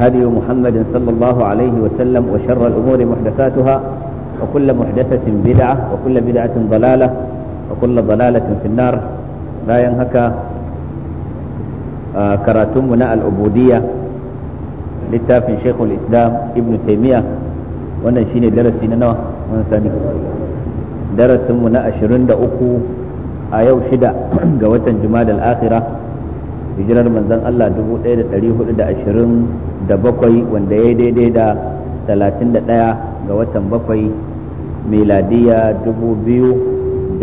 هدي محمد صلى الله عليه وسلم وشر الأمور محدثاتها وكل محدثة بدعة وكل بدعة ضلالة وكل ضلالة في النار لا ينهك كراتمنا العبودية littafin shekul islam ibn taimiyya wannan shine darasi na nawa wani sani darasinmu na 23 a yau shida ga watan juma'a al-akhira hijirar manzon Allah 1427 wanda ya daidai da 31 ga watan bakwai miladiya 2006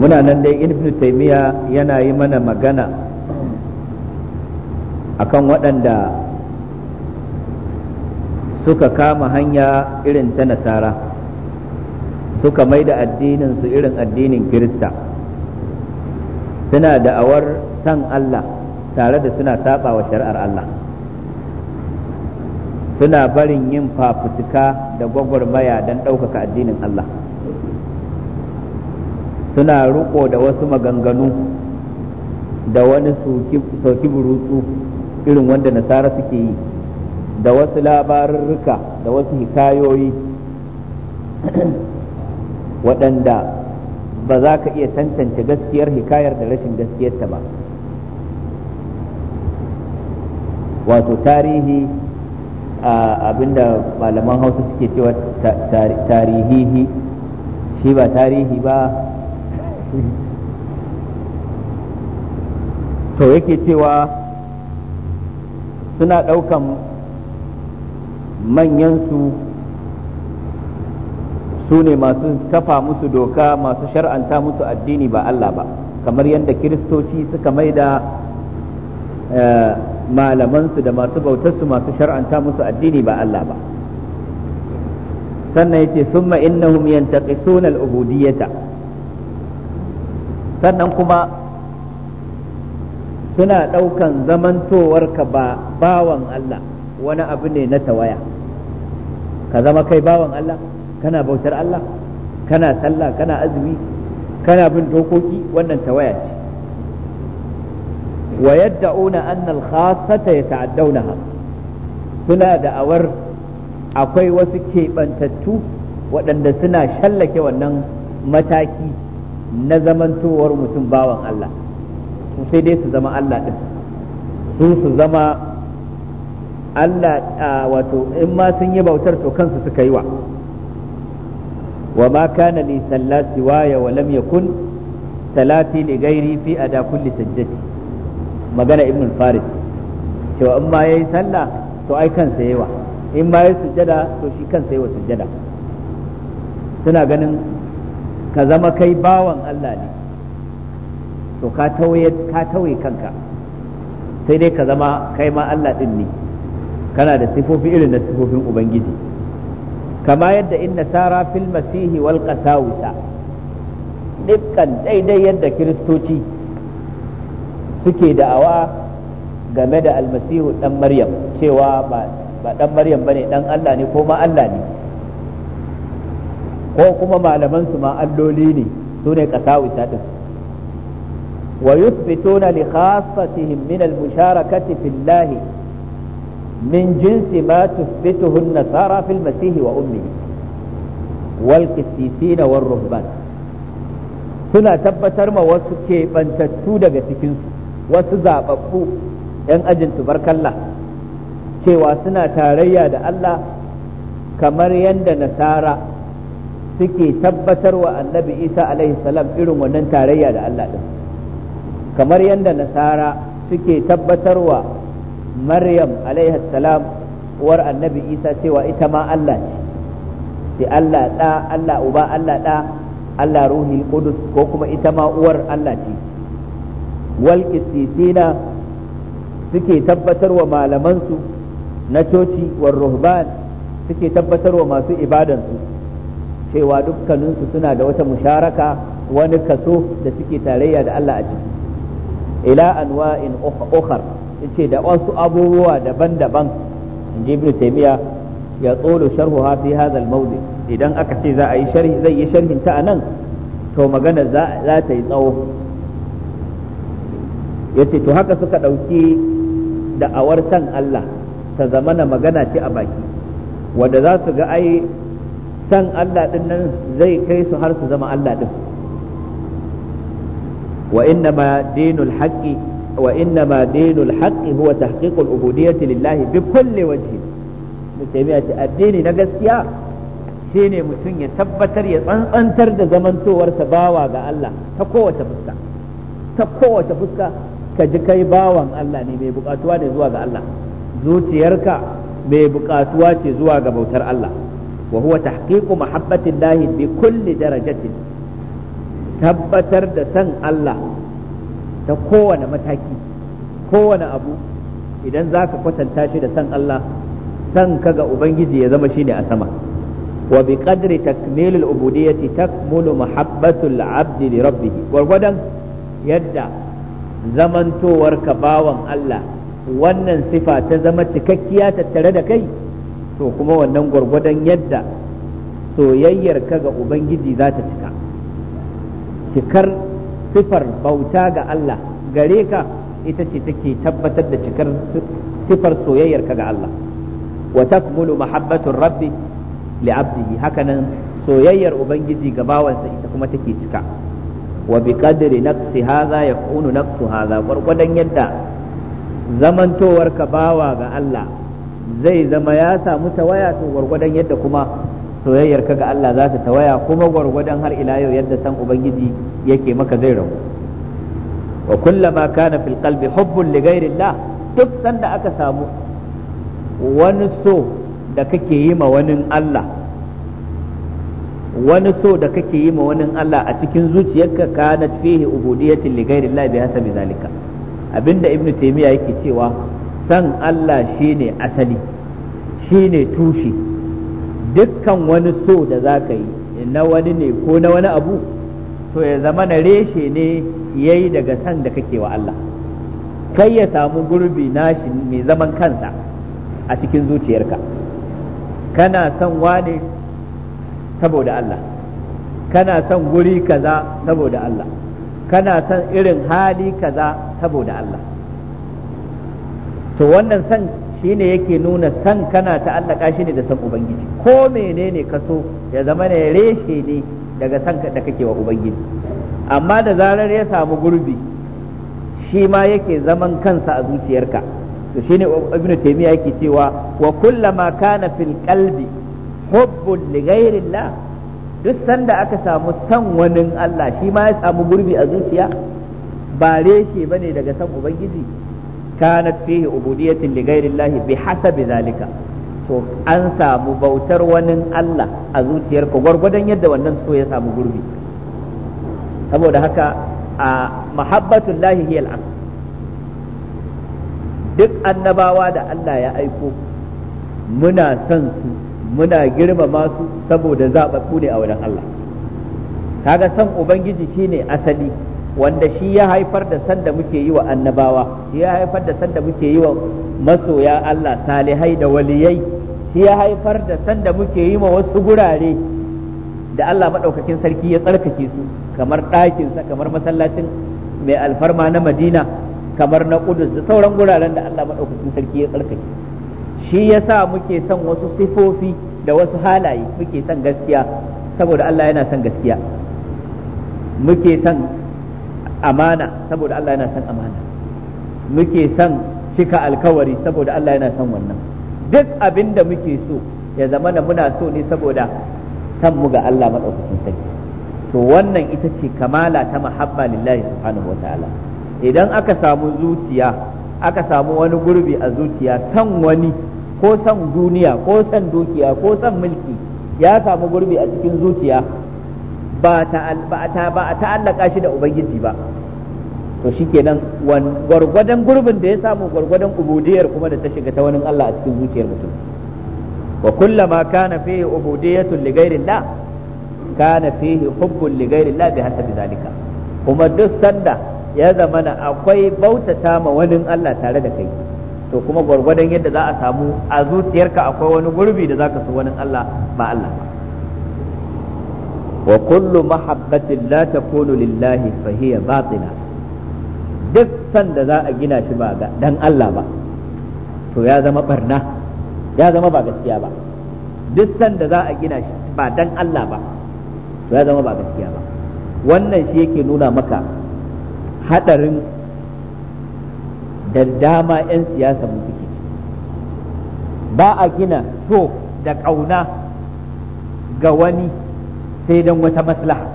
muna nan dai ibn taymiya yana yi mana magana akan waɗanda suka kama hanya irin ta nasara suka mai da addininsu irin addinin kirista suna da'awar san Allah tare da suna saba wa shari'ar Allah suna barin yin fafutuka da gwagwarmaya don ɗaukaka addinin Allah suna ruko da wasu maganganu da wani sauki burutsu irin wanda nasara suke yi da wasu labarurruka da wasu hikayoyi waɗanda ba za ka iya tantance gaskiyar hikayar da rashin gaskiyarta ba wato tarihi abinda malaman hausa suke cewa tarihihi shi ba tarihi ba to yake cewa suna ɗaukan manyansu su ne masu kafa musu doka masu shar'anta musu addini ba Allah ba kamar yadda kiristoci suka maida eh, malamansu da masu bautarsu masu shar'anta musu addini ba Allah ba sannan yace summa innahum yantaqisuna al-ubudiyyata sannan kuma suna ɗaukan zamantowarka ba bawan Allah wani abu ne na tawaya ka zama kai bawan Allah kana bautar Allah kana sallah kana azumi kana bin dokoki wannan tawaya ce wa yad'una anna al-khassata yata'addawnaha suna da'awar akwai wasu keɓantattu waɗanda suna shallake wannan mataki na zamantowar mutum bawan Allah su sai dai su zama Allah ɗin su su zama Allah wato in ma sun yi bautar to kansu suka yi wa wa ma kana li sallati waya wa lam yakun salati li ghairi fi ada kulli sajjati magana ibn cewa in ma yayi sallah to ai kansa yawa in ma yayi sujjada to shi kansa yawa sujjada suna ganin ka zama kai bawan Allah ne to ka tauye kanka sai dai ka zama kai ma Allah din ne kana da sifofi irin da sifofin ubangiji kama yadda in nasara fil masihi wal daidai yadda kiristoci suke da'awa game da almasihu dan maryam cewa ba dan maryam bane dan Allah ne ko ma Allah ne ko kuma malaman su ma alloli ne su ne qasawisa din ويثبتون لخاصتهم من المشاركة في الله min jinsi ma tusbituhu an-nasara fil wa ummihi wal qissisina war ruhban suna tabbatar ma wasu keɓantattu daga cikinsu wasu zaɓaɓɓu 'yan ajin tubarkalla cewa suna tarayya da Allah kamar yadda nasara suke tabbatar wa annabi isa alaihi salam irin wannan tarayya da Allah ɗin kamar yadda nasara suke tabbatar wa maryam alaihi salam uwar annabi isa cewa ita ma Allah ce sai Allah ɗa Allah uba Allah ɗa Allah ruhi qudus ko kuma ita ma uwar Allah ce wal qissisina suke tabbatarwa malamansu na coci war ruhban suke tabbatarwa masu ibadansu cewa dukkaninsu suna da wata musharaka wani kaso da suke tarayya da Allah a ciki ila anwa'in ukhar yace da wasu abubuwa daban-daban inji ibnu taymiya ya tsoro sharhuha fi hada al idan aka ce za a yi sharhi zai yi sharhin ta anan to magana za ta yi tsawo yace to haka suka dauki da'awar san Allah ta zamana magana ce a baki wanda za su ga ai san Allah din nan zai kai su har su zama Allah din wa inna ma dinul haqqi وإنما دين الحق هو تحقيق العبودية لله بكل وجه mutane ce addini na gaskiya shine mutum ya tabbatar ya tsantsantar da zamantowarsa bawa ga Allah ta kowace fuska ta kowace fuska ka ji kai bawan Allah ne mai bukatuwa ne zuwa ga Allah zuciyarka mai bukatuwa ce zuwa ga bautar Allah wa huwa tahqiqu mahabbatin lahi bi kulli darajatin tabbatar da san Allah ta kowane mataki kowane abu idan za ka kwatanta shi da san Allah san ka ga ubangiji ya zama shine a sama wa bi qadri takmil al-ubudiyyati takmulu mahabbatu al-abd li rabbih yadda zamantowar ka bawan Allah wannan sifa ta zama cikakkiya tattare da kai to kuma wannan gwargwadon yadda soyayyar ka ga ubangiji za ta cika cikar sifar bauta ga Allah gare ka ita ce take tabbatar da cikar sifar soyayyarka ga Allah wa takmulu mahabbatur rabbi li abdihi hakanan soyayyar ubangiji ga bawansa ita kuma take cika wa bi qadri naqsi hadha yakunu naqsu hadha gurgudan yadda zamantowar ka bawa ga Allah zai zama ya samu tawaya to gurgudan yadda kuma soyayyar ka ga Allah za ta tawaya kuma gwargwadon har ila yau yadda san ubangiji yake maka zai rabu wa kullama kana fil qalbi hubbun li ghairillah duk sanda aka samu wani so da kake yi ma wani Allah wani so da kake yi ma wani Allah a cikin zuciyarka kana fihi ubudiyatin li ghairillah bi hasabi zalika abinda ibnu taymiya yake cewa san Allah shine asali shine tushe dukkan wani so da za ka yi na wani ne ko na wani abu to ya zama na reshe ne ya yi daga san da kake wa Allah kai ya samu gurbi nashi mai zaman kansa a cikin zuciyarka kana son wane saboda Allah kana son guri kaza saboda Allah kana son irin hali kaza saboda Allah to wannan san ne yake nuna san kana ta'allaka shi ne da san ubangiji ko menene ka so ya zama ne reshe ne daga san da kake wa ubangiji amma da zarar ya samu gurbi shi ma yake zaman kansa a zuciyarka to shine ibn taymiya yake cewa wa kullama kana fil qalbi hubbun li ghayrillah duk sanda aka samu san wani Allah shi ma ya samu gurbi a zuciya ba reshe bane daga san ubangiji kanat fihi ubudiyatin li ghairillahi bi hasabi zalika to an samu bautar wani Allah a zuciyarka gwargwadon yadda wannan so ya samu gurbi saboda haka a mahabbatun lahi hiya duk annabawa da Allah ya aiko muna son su muna girmama su saboda zaɓaɓɓu ne a wajen Allah kaga son ubangiji shine asali wanda shi ya haifar da sanda muke yi wa annabawa shi ya haifar da sanda muke yi wa masoya Allah salihai da waliyai shi ya haifar da sanda muke yi wa wasu gurare da Allah maɗaukakin sarki ya tsarkake su kamar ɗakinsa kamar masallacin mai alfarma na Madina kamar na Kudus da sauran guraren da Allah maɗaukakin sarki ya tsarkake shi ya sa muke son wasu sifofi da wasu halaye muke son gaskiya saboda Allah yana son gaskiya muke son amana saboda Allah yana son amana muke son cika alkawari saboda Allah yana son wannan duk abin da muke so ya zama na muna so ne saboda san mu ga Allah madaukakin sai to wannan ita ce kamala ta mahabba lillahi subhanahu wataala idan aka samu zuciya aka samu wani gurbi a zuciya san wani ko san duniya ko san dukiya ko san mulki ya samu gurbi a cikin zuciya ba a ta'allaka shi da ubangiji ba to shikenan gwargwadon gurbin da ya samu gwargwadon ubudiyar kuma da ta shiga ta wani Allah a cikin zuciyar mutum wa kullama kana fihi ubudiyatun li ghairillah kana fihi hubbun li ghairillah bi hasabi zalika kuma duk sanda ya zamana akwai bautata ma wani Allah tare da kai to kuma gwargwadon yadda za a samu a zuciyarka akwai wani gurbi da zaka so wani Allah ba Allah ba wa kullu mahabbatin la takunu lillahi fa hiya batina duk san da za a gina shi ba ga dan Allah ba to ya zama barna ya zama ba gaskiya ba duk san da za a gina shi ba dan Allah ba to ya zama ba gaskiya ba wannan shi yake nuna maka hadarin da dama 'yan siyasa mu suke ba a gina so da kauna ga wani sai dan wata maslaha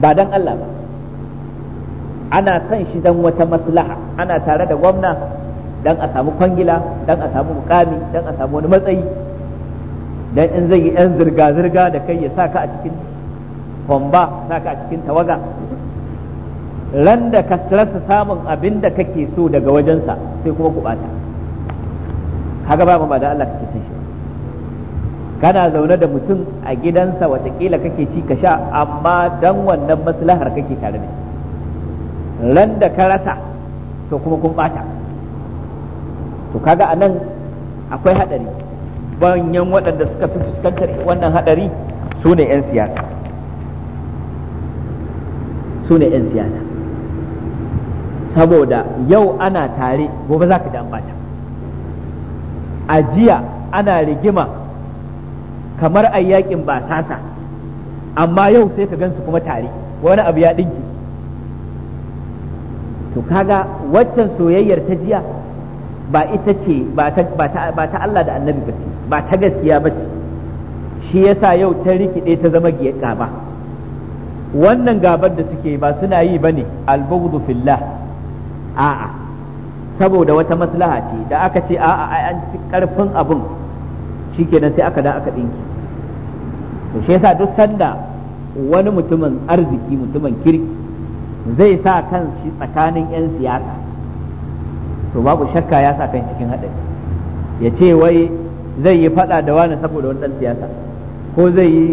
ba dan Allah ba ana son shi dan wata maslaha ana tare da gwamna dan a samu kwangila dan a samu mukami dan a samu wani matsayi dan in zai yi yan zirga-zirga da kai ya sa ka a cikin kwamba sa ka a cikin tawaga ran da ka rasa samun abin da kake so daga wajensa sai kuma kubata kaga ba ba da Allah kake kana zaune da mutum a gidansa watakila kake ci ka sha amma dan wannan maslahar kake tare da shi ran da ka rasa to kuma kun bata to kaga anan akwai hadari banyan waɗanda suka fi fuskantar wannan hadari su ne 'yan siyasa su ne 'yan siyasa saboda yau ana tare gobe za ka ji an bata a jiya ana rigima kamar a yakin ba sasa amma yau sai ka gansu kuma tare wani abu ya dinki to kaga waccan soyayyar ta jiya ba ita ce ba ta Allah da annabi ba ce ba ta gaskiya ba ce shi yasa yau ta rikide ta zama gaba wannan gabar da suke ba suna yi bane ne albughdu fillah a'a saboda wata maslaha ce da aka ce a'a an ci karfin abun. shikenan sai aka da aka dinki to shi yasa duk sanda wani mutumin arziki mutumin kirki zai sa kan shi tsakanin 'yan siyasa to babu shakka ya sa kan cikin haɗari ya ce wai zai yi faɗa da wani saboda wani ɗan siyasa ko zai yi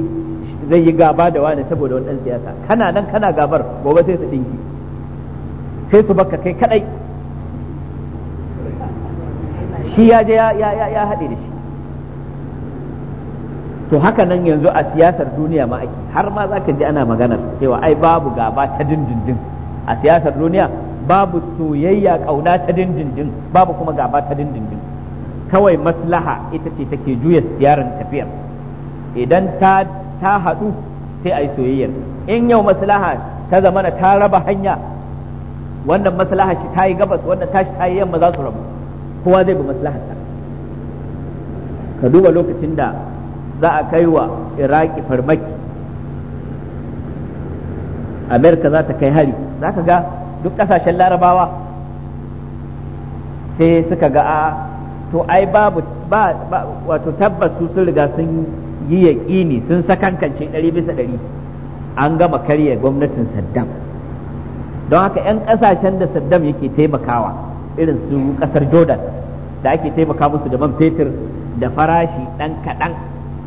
zai yi gaba da wani saboda wani ɗan siyasa kana nan kana gabar gobe sai su ɗinki sai su baka kai kadai shi ya je ya haɗe da shi to haka nan yanzu a siyasar duniya ma ake har ma za ka ji ana maganar cewa ai babu gaba ta dindindin a siyasar duniya babu soyayya kauna ta dindindin babu kuma gaba ta dindindin kawai maslaha ita ce take juya siyarar tafiyar idan ta ta haɗu sai ayi soyayya soyayyar in yau maslaha ta zamana ta raba hanya wannan maslaha shi ta yi gabas wannan tashi ta yi yamma za su rabu kowa zai bi maslaharsa ka duba lokacin da za a kai wa iraki farmaki amerika za ta kai hari za ka ga duk kasashen larabawa sai suka ga a to ai babu ba wato tabbas su sun riga sun yi yaƙini sun sakankance ɗari bisa ɗari an gama karya gwamnatin saddam don haka 'yan ƙasashen da saddam yake taimakawa irin su ƙasar jordan da ake taimaka musu da man fetur da farashi ɗan kaɗan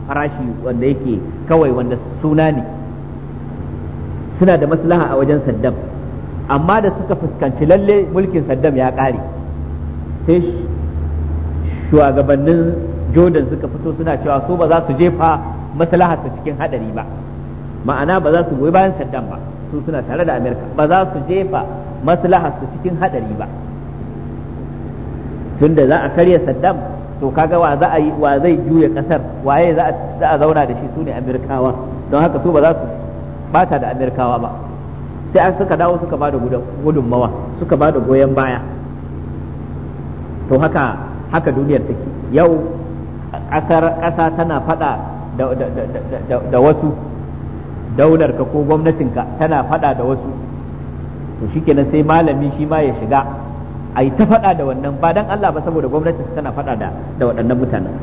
farashi wanda yake kawai wanda suna ne suna da maslaha a wajen saddam amma da suka fuskanci lalle mulkin saddam ya ƙare sai shugabannin jordan suka fito suna cewa su ba za su jefa su cikin hadari ba ma'ana ba za su goyi bayan saddam ba su suna tare da amerika ba za su jefa su cikin hadari ba tunda za a karya saddam to kaga wa za a yi wa zai juya kasar waye za a zauna da shi sune amerikawa don haka su ba za su bata da amerikawa ba sai an suka dawo suka bada gudunmawa suka bada goyon baya to haka haka duniyar take yau kasar kasa tana fada da, da, da, da wasu daularka ko gwamnatinka tana fada da wasu to shikenan sai malami shi ma ya shiga ai ta faɗa da wannan ba dan Allah ba saboda gwamnati tana faɗa da da waɗannan mutanen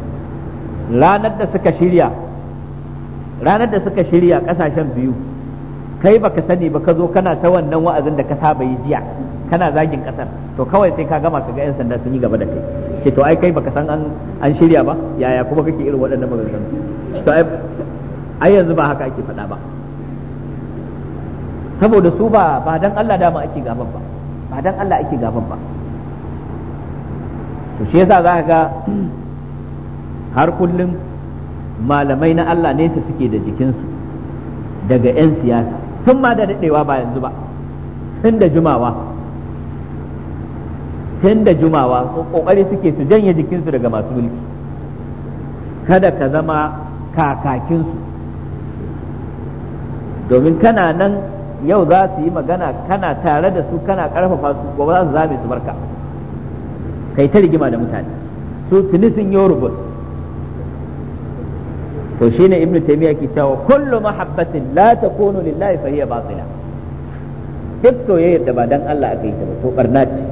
ranar da suka shirya ranar da suka shirya ƙasashen biyu kai baka sani ba ka zo kana ta wannan wa'azin da ka saba yi jiya kana zagin ƙasar to kawai sai ka gama ka ga 'yan sanda sun yi gaba da kai ce to ai kai baka san an shirya ba yaya kuma kake irin waɗannan maganganu to ai yanzu ba haka ake faɗa ba saboda su ba ba dan Allah dama ake gaban ba ba dan Allah ake gaban ba to shi yasa za ga har kullum malamai na Allah ne su suke da jikinsu daga 'yan siyasa tun ma da daɗewa ba yanzu ba tun da jumawa tun da jumawa ƙoƙari suke su janye jikinsu daga masu mulki kada ka zama kakakinsu domin kana nan yau za su yi magana kana tare da su kana ƙarfafa su gobe za su zame su barka. kai ta rigima da mutane su tuni sun yi rubut to Ibn ibnu taymiya ke cewa kullu mahabbatin la takunu lillahi fa hiya batila duk soyayyar da ba dan Allah aka yi ta ba to barna ce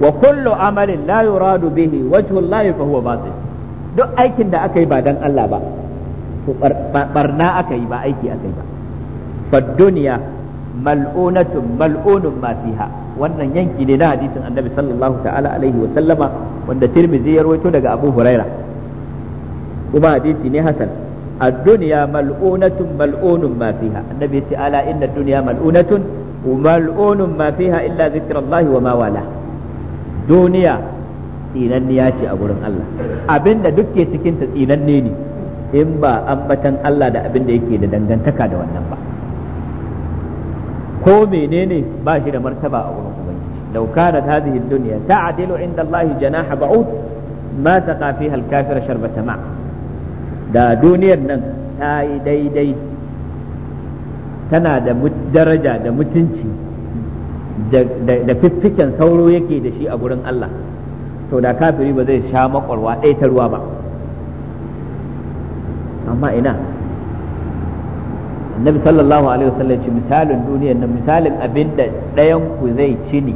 wa kullu amalin la yuradu bihi wajhu Allah fa huwa batil duk aikin da aka yi ba dan Allah ba to barna aka yi ba aiki aka yi ba fa dunya mal'unatun mal'unun ma fiha wannan yanki ne na hadisin annabi sallallahu ta'ala alaihi wa sallama wanda tirmidhi ya rawaito daga abu huraira kuma hadisi ne hasan ad-dunya mal'unatun mal'unun ma fiha annabi ya ce ala inna ad-dunya mal'unatun wa mal'unun ma fiha illa zikrullahi wa ma wala duniya tsinanniya ce a gurin Allah abinda duk ke cikin ta tsinanne ne in ba ambatan Allah da abinda yake da dangantaka da wannan ba ko menene ba shi da martaba a wurin ubangiji da kanat hadhihi ad-dunya ta'dilu inda Allah janaha ba'ud ma taqa fiha al-kafir da duniyar nan ta yi daidai tana da daraja da mutunci da fiffiken sauro yake da shi a gurin Allah to da kafiri ba zai sha makwarwa ɗaya ta ruwa ba amma ina annabi sallallahu alaihi wasallam ce misalin duniyar nan misalin abin da ɗayan ku zai ci ne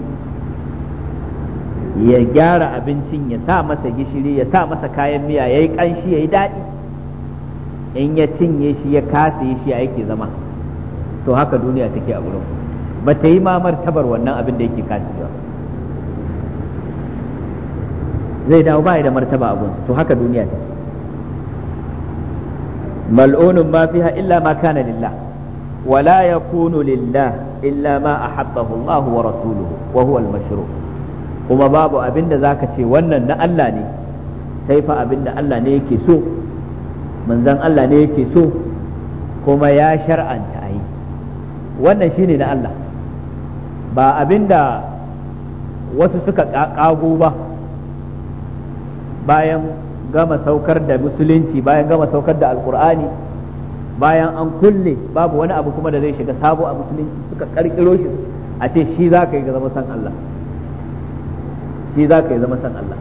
ya gyara abincin ya sa masa gishiri ya sa masa kayan miya ya yi ƙanshi ya yi daɗi in ya cinye shi ya kasa shi ya yake zama to haka duniya take a gurin ba ta yi ma martabar wannan abin da yake kasa ba zai dawo ba da martaba a gurin to haka duniya take mal'unun ma fiha illa ma kana lillah wala yakunu lillah illa ma ahabbahu Allah wa rasuluhu kuma babu abinda zaka ce wannan na Allah ne sai fa abinda Allah ne yake so manzon Allah ne yake so kuma ya shar'anta ayi wannan shine na Allah ba abinda wasu suka kago ba bayan gama saukar da musulunci bayan gama saukar da alkur'ani bayan an kulle babu wani abu kuma da zai shiga sabo a musulunci suka karkiro shi a ce shi za ka yi zama san Allah shi za ka yi zama san Allah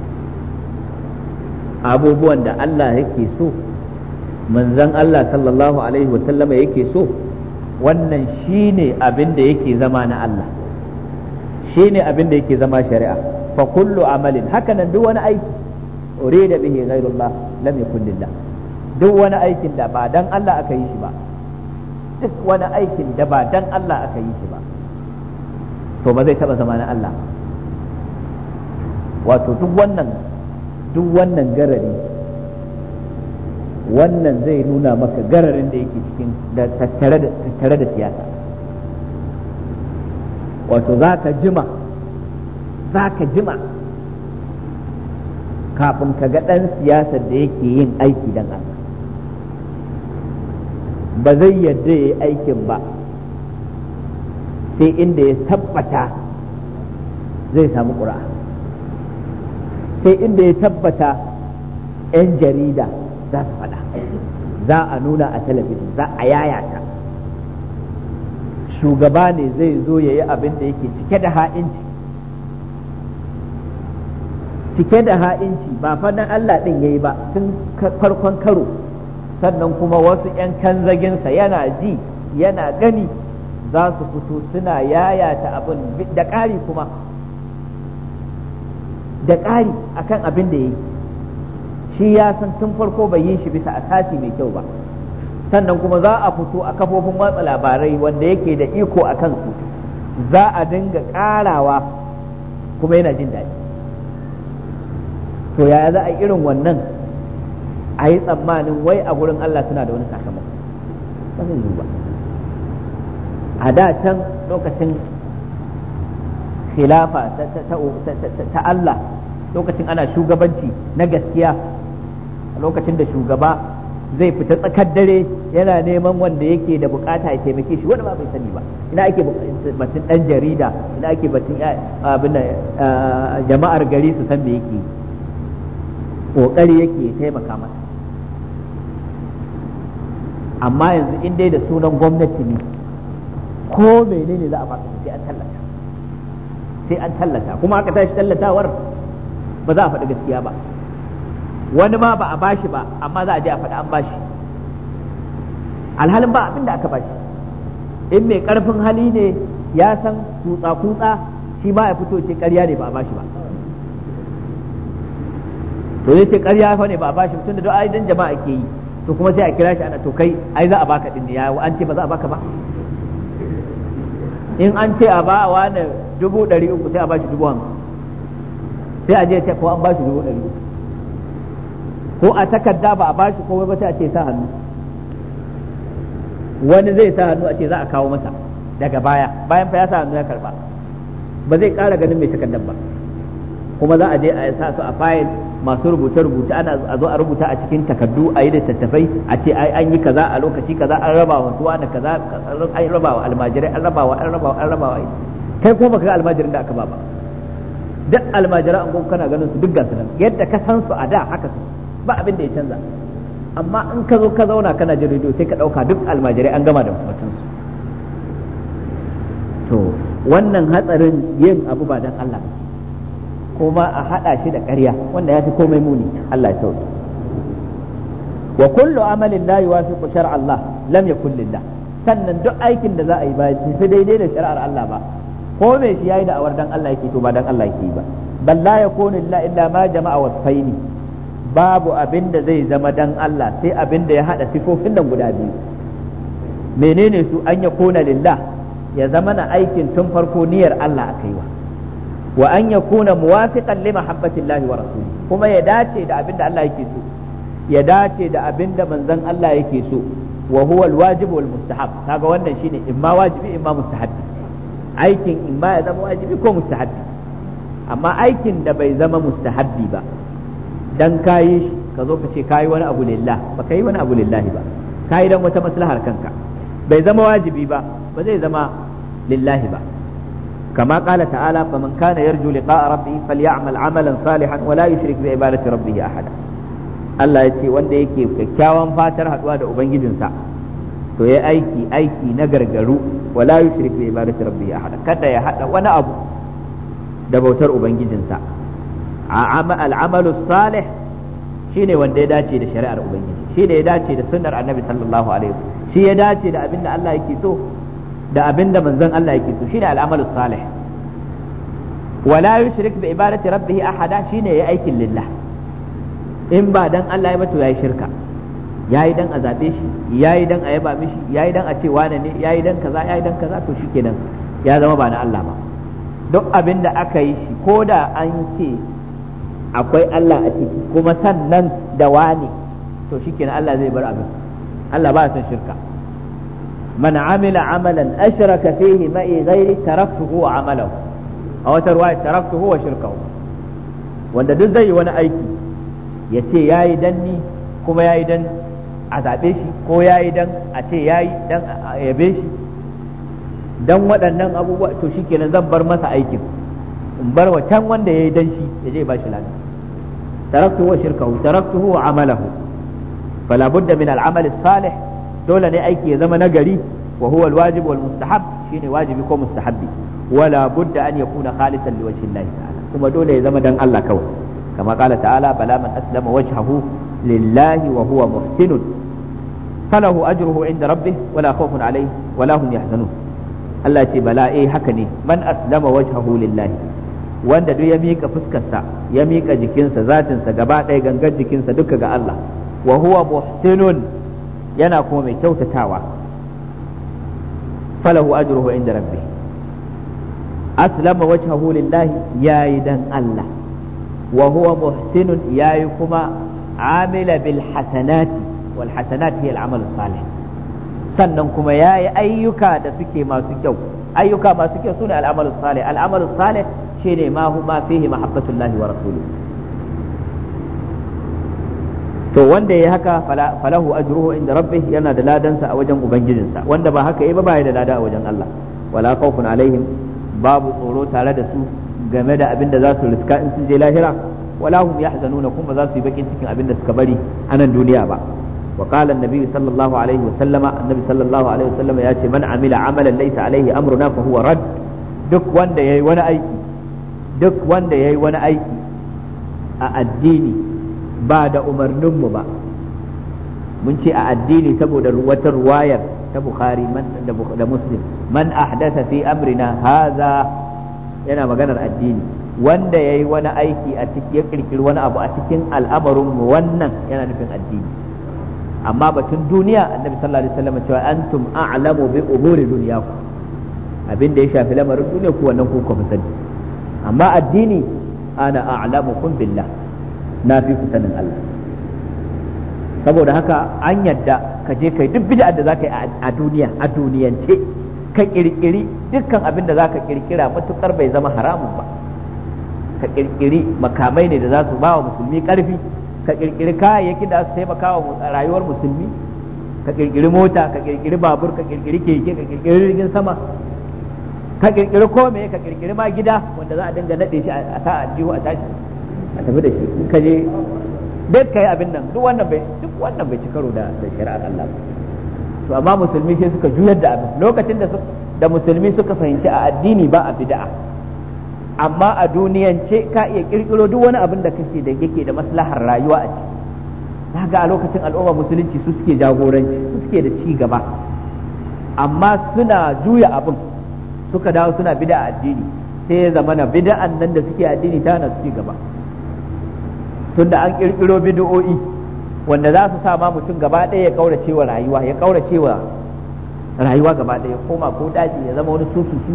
abubuwan da Allah yake so manzan Allah sallallahu alaihi wasallama yake so wannan shi ne abin da yake zama na Allah shi ne abin da yake zama shari'a fa kullu amalin hakanan duk wani aiki urida bihi ghayrullah lam yakun lillah duk wani aikin da ba dan Allah aka yi shi ba duk wani aikin da ba dan Allah aka yi shi ba to ba zai taba zama na Allah wato duk wannan duk wannan garari wannan zai nuna maka gararin da yake cikin da tattare da siyasa wato za ka jima za ka jima kafin ka ga ɗan siyasar da yake yin aiki don Allah ba zai yadda ya yi aikin ba sai inda ya tabbata zai samu ƙura sai inda ya tabbata 'yan jarida za su faɗa za a nuna a talabijin za a yayata shugaba ne zai zo ya yi abin da yake cike da ha'inci cike da ha'inci ba fadan Allah ɗin ya yi ba tun farkon karo sannan kuma wasu 'yan kanzaginsa yana ji yana gani za su fito suna yayata abin da ƙari kuma da ƙari akan abin da ya yi shi ya san tun farko bai yi shi bisa asasi mai kyau ba sannan kuma za a fito a kafofin watsa labarai wanda yake da iko a kansu za a dinga ƙarawa kuma yana jin daɗi to yaya za a irin wannan a yi tsammanin wai a gurin Allah suna da wani sakamako ba zai yiwu ba a da can lokacin khilafa ta Allah lokacin ana shugabanci na gaskiya lokacin da shugaba zai fita tsakar dare yana neman wanda yake da bukata ya taimake shi wanda ba bai sani ba ina ake batun dan jarida ina ake batun eh, eh, jama'ar gari su san me yake yi Ƙoƙari yake ya taimaka masa amma yanzu in dai da sunan gwamnati ne ko menene za a baka sai an tallata sai an tallata kuma aka tashi tallatawar ba za a faɗi gaskiya ba wani ma ba a bashi ba amma za a je a faɗi an bashi alhalin ba abin da aka bashi in mai ƙarfin hali ne ya san kutsa kutsa shi ma ya fito ce ƙarya ne ba a bashi ba to yace ƙarya fa ne ba a bashi tunda da ai dan jama'a ke yi to kuma sai a kira shi ana to kai ai za a baka din ne yawo an ce ba za a baka ba in an ce a ba a wani dubu ɗari uku sai a bashi dubu hamsin sai a je ce ko an bashi dubu ɗari uku ko a takarda ba a bashi komai ba sai a ce sa hannu wani zai sa hannu a ce za a kawo masa daga baya bayan fa ya sa hannu ya karba ba zai ƙara ganin mai takardar ba kuma za a je a sa su a fayil masu rubuce-rubuce ana a zo a rubuta a cikin takardu a yi da tattafai a ce ai an yi kaza a lokaci kaza an raba wa suwa da kaza an raba wa almajirai an raba wa an raba wa an raba wa kai kuma baka ga almajirin da aka ba ba duk almajirai an kana ganin su duk gasu nan yadda ka san su a da haka su ba abin da ya canza amma in ka zo ka zauna kana jin rediyo sai ka dauka duk almajirai an gama da mutum su to wannan hatsarin yin abu ba dan Allah ba ko ma a haɗa shi da ƙarya wanda ya fi komai muni Allah ya sauke wa kullu amalin la yuwafiqu shar'a Allah lam yakul lillah sannan duk aikin da za a yi ba fi daidai da shari'ar Allah ba ko me shi yayi da awar dan Allah yake to ba dan Allah yake ba bal la yakunu illa ma jama'a wasfaini babu abin da zai zama dan Allah sai abin da ya hada sifofin nan guda biyu menene su an ya kona lillah ya zama na aikin tun farko niyyar Allah aka yi wa wa an yakuna muwafiqan li mahabbatillahi wa rasuli kuma ya dace da abin da Allah yake so ya dace da abin da manzon Allah yake so wa huwa alwajibu wal mustahab kaga wannan shine imma wajibi imma mustahabi aikin imma ya zama wajibi ko mustahabi amma aikin da bai zama mustahabi ba dan kayi shi ka ce kayi wani abu lillah ba kayi wani abu lillahi ba kayi dan wata maslahar kanka bai zama wajibi ba ba zai zama lillahi ba كما قال تعالى فمن كان يرجو لقاء ربه فليعمل عملا صالحا ولا يشرك بعبادة ربه أحدا Allah ya ce wanda yake kyakkyawan fatar haɗuwa da ubangijinsa to ya aiki aiki na gargaru wala yushrik bi ibadati rabbih ahada kada ya hada wani abu da bautar ubangijinsa shine wanda ya dace da shari'ar ubangiji shine ya dace da sunnar annabi sallallahu alaihi wasallam shi ya dace da abin da Allah yake so da abinda manzon Allah yake so shine al'amalu salih wala yushrik bi ibadati rabbih ahada shine yayi aikin lillah in ba dan Allah ya ba to yayi shirka yayi dan a zabe shi yayi dan a yaba mishi yayi dan a ce wane ne yayi dan kaza yayi dan kaza to shikenan ya zama ba na Allah ba duk abin da aka yi shi ko da an ce akwai Allah a ciki kuma sannan da wani to shikenan Allah zai bar abin Allah ba son shirka man amila amalan ashraka fihi ma'i ghairi taraktuhu wa amalahu a wata ruwaya taraktuhu wa shirkahu wanda duk zai yi wani aiki ya ce ya yi dan ni kuma ya yi dan a zabe shi ko yi dan a ce ya yi dan a yabe shi dan waɗannan abubuwa to shi shikenan zan bar masa aikin in bar wa can wanda ya yi dan shi ya je ba shi lada taraktuhu wa shirkahu taraktuhu wa amalahu fala budda min al-amal salih dole ne aiki ya zama nagari wa huwa alwajib wal mustahab shine wajibi ko mustahabbi wala budda an yakuna khalisan liwajhi Allah ta'ala kuma dole ya zama dan Allah kawai kama qala ta'ala bala man aslama wajhahu lillahi wa huwa muhsinun falahu ajruhu inda rabbih wala khawfun alayhi wala hum yahzanun Allah ce bala eh haka ne man aslama wajhahu lillahi wanda duk ya mika fuskarsa ya mika jikinsa zatinsa gaba ɗaya gangar jikinsa duka ga Allah wa huwa muhsinun yana kuma mai kyautatawa falahu ajruhu inda rabbi aslama wajhahu lillahi yayi dan Allah wa huwa muhsinun yayi kuma amila bil hasanati wal hasanati hiya al amal salih sannan kuma yayi ayyuka da suke masu kyau ayyuka masu kyau sune al amal salih al amal salih shine ma huma fihi mahabbatullahi wa rasuluhu to wanda ya haka falahu ajruhu inda rabbih yana da ladansa a wajen ubangijinsa wanda ba haka yi ba ba da lada a wajen Allah wala khawfun alaihim babu tsoro tare da su game da abin da za su riska in sun je lahira wala hum yahzanuna kuma za su yi bakin cikin abin da suka bari a nan duniya ba wa qala annabi sallallahu alaihi wa sallama annabi sallallahu alaihi wa sallama yace man amila amalan laysa alaihi amruna fa huwa rad duk wanda yayi wani aiki duk wanda yayi wani aiki a addini ba da umarninmu ba mun ce a addini saboda wata ruwayar ta bukhari da muslim man ahdasa fi amrina haza yana maganar addini wanda ya yi wani aiki a ya kirkiri wani abu a cikin al'amarinmu wannan yana nufin addini amma batun duniya annabi sallallahu alaihi wasallam cewa antum a'lamu bi umuri dunyakum abin da ya shafi lamarin duniya ku wannan ku ku sani amma addini ana a'lamukum billah na fi ku sanin Allah saboda haka an yadda ka je kai duk bid'a da zaka yi a duniya a duniyance ka kirkiri dukkan abin da zaka kirkira matukar bai zama haramun ba ka kirkiri makamai ne da za su bawa musulmi karfi ka kirkiri kayayyakin da su taimaka wa rayuwar musulmi ka kirkiri mota ka kirkiri babur ka kirkiri keke ka kirkiri jirgin sama ka kirkiri kome ka kirkiri ma gida wanda za a dinga nade shi a sa a a tashi a tafi da shi in ka je duk kai abin nan duk wannan bai duk wannan bai ci karo da da shari'ar Allah ba to amma musulmi sai suka juyar da abin lokacin da da musulmi suka fahimci a addini ba a bid'a amma a duniyance ka iya kirkiro duk wani abin da kake da yake da maslahar rayuwa a ciki ga a lokacin al'umma musulunci su suke jagoranci su suke da ci gaba amma suna juya abin suka dawo suna bid'a addini sai ya zama na bid'an nan da suke addini ta na su ci gaba tunda an kirkiro bid'o'i wanda za su sa ma mutum gaba ɗaya ya kaurace wa rayuwa ya kaurace wa rayuwa gaba ɗaya koma ko daji ya zama wani sususu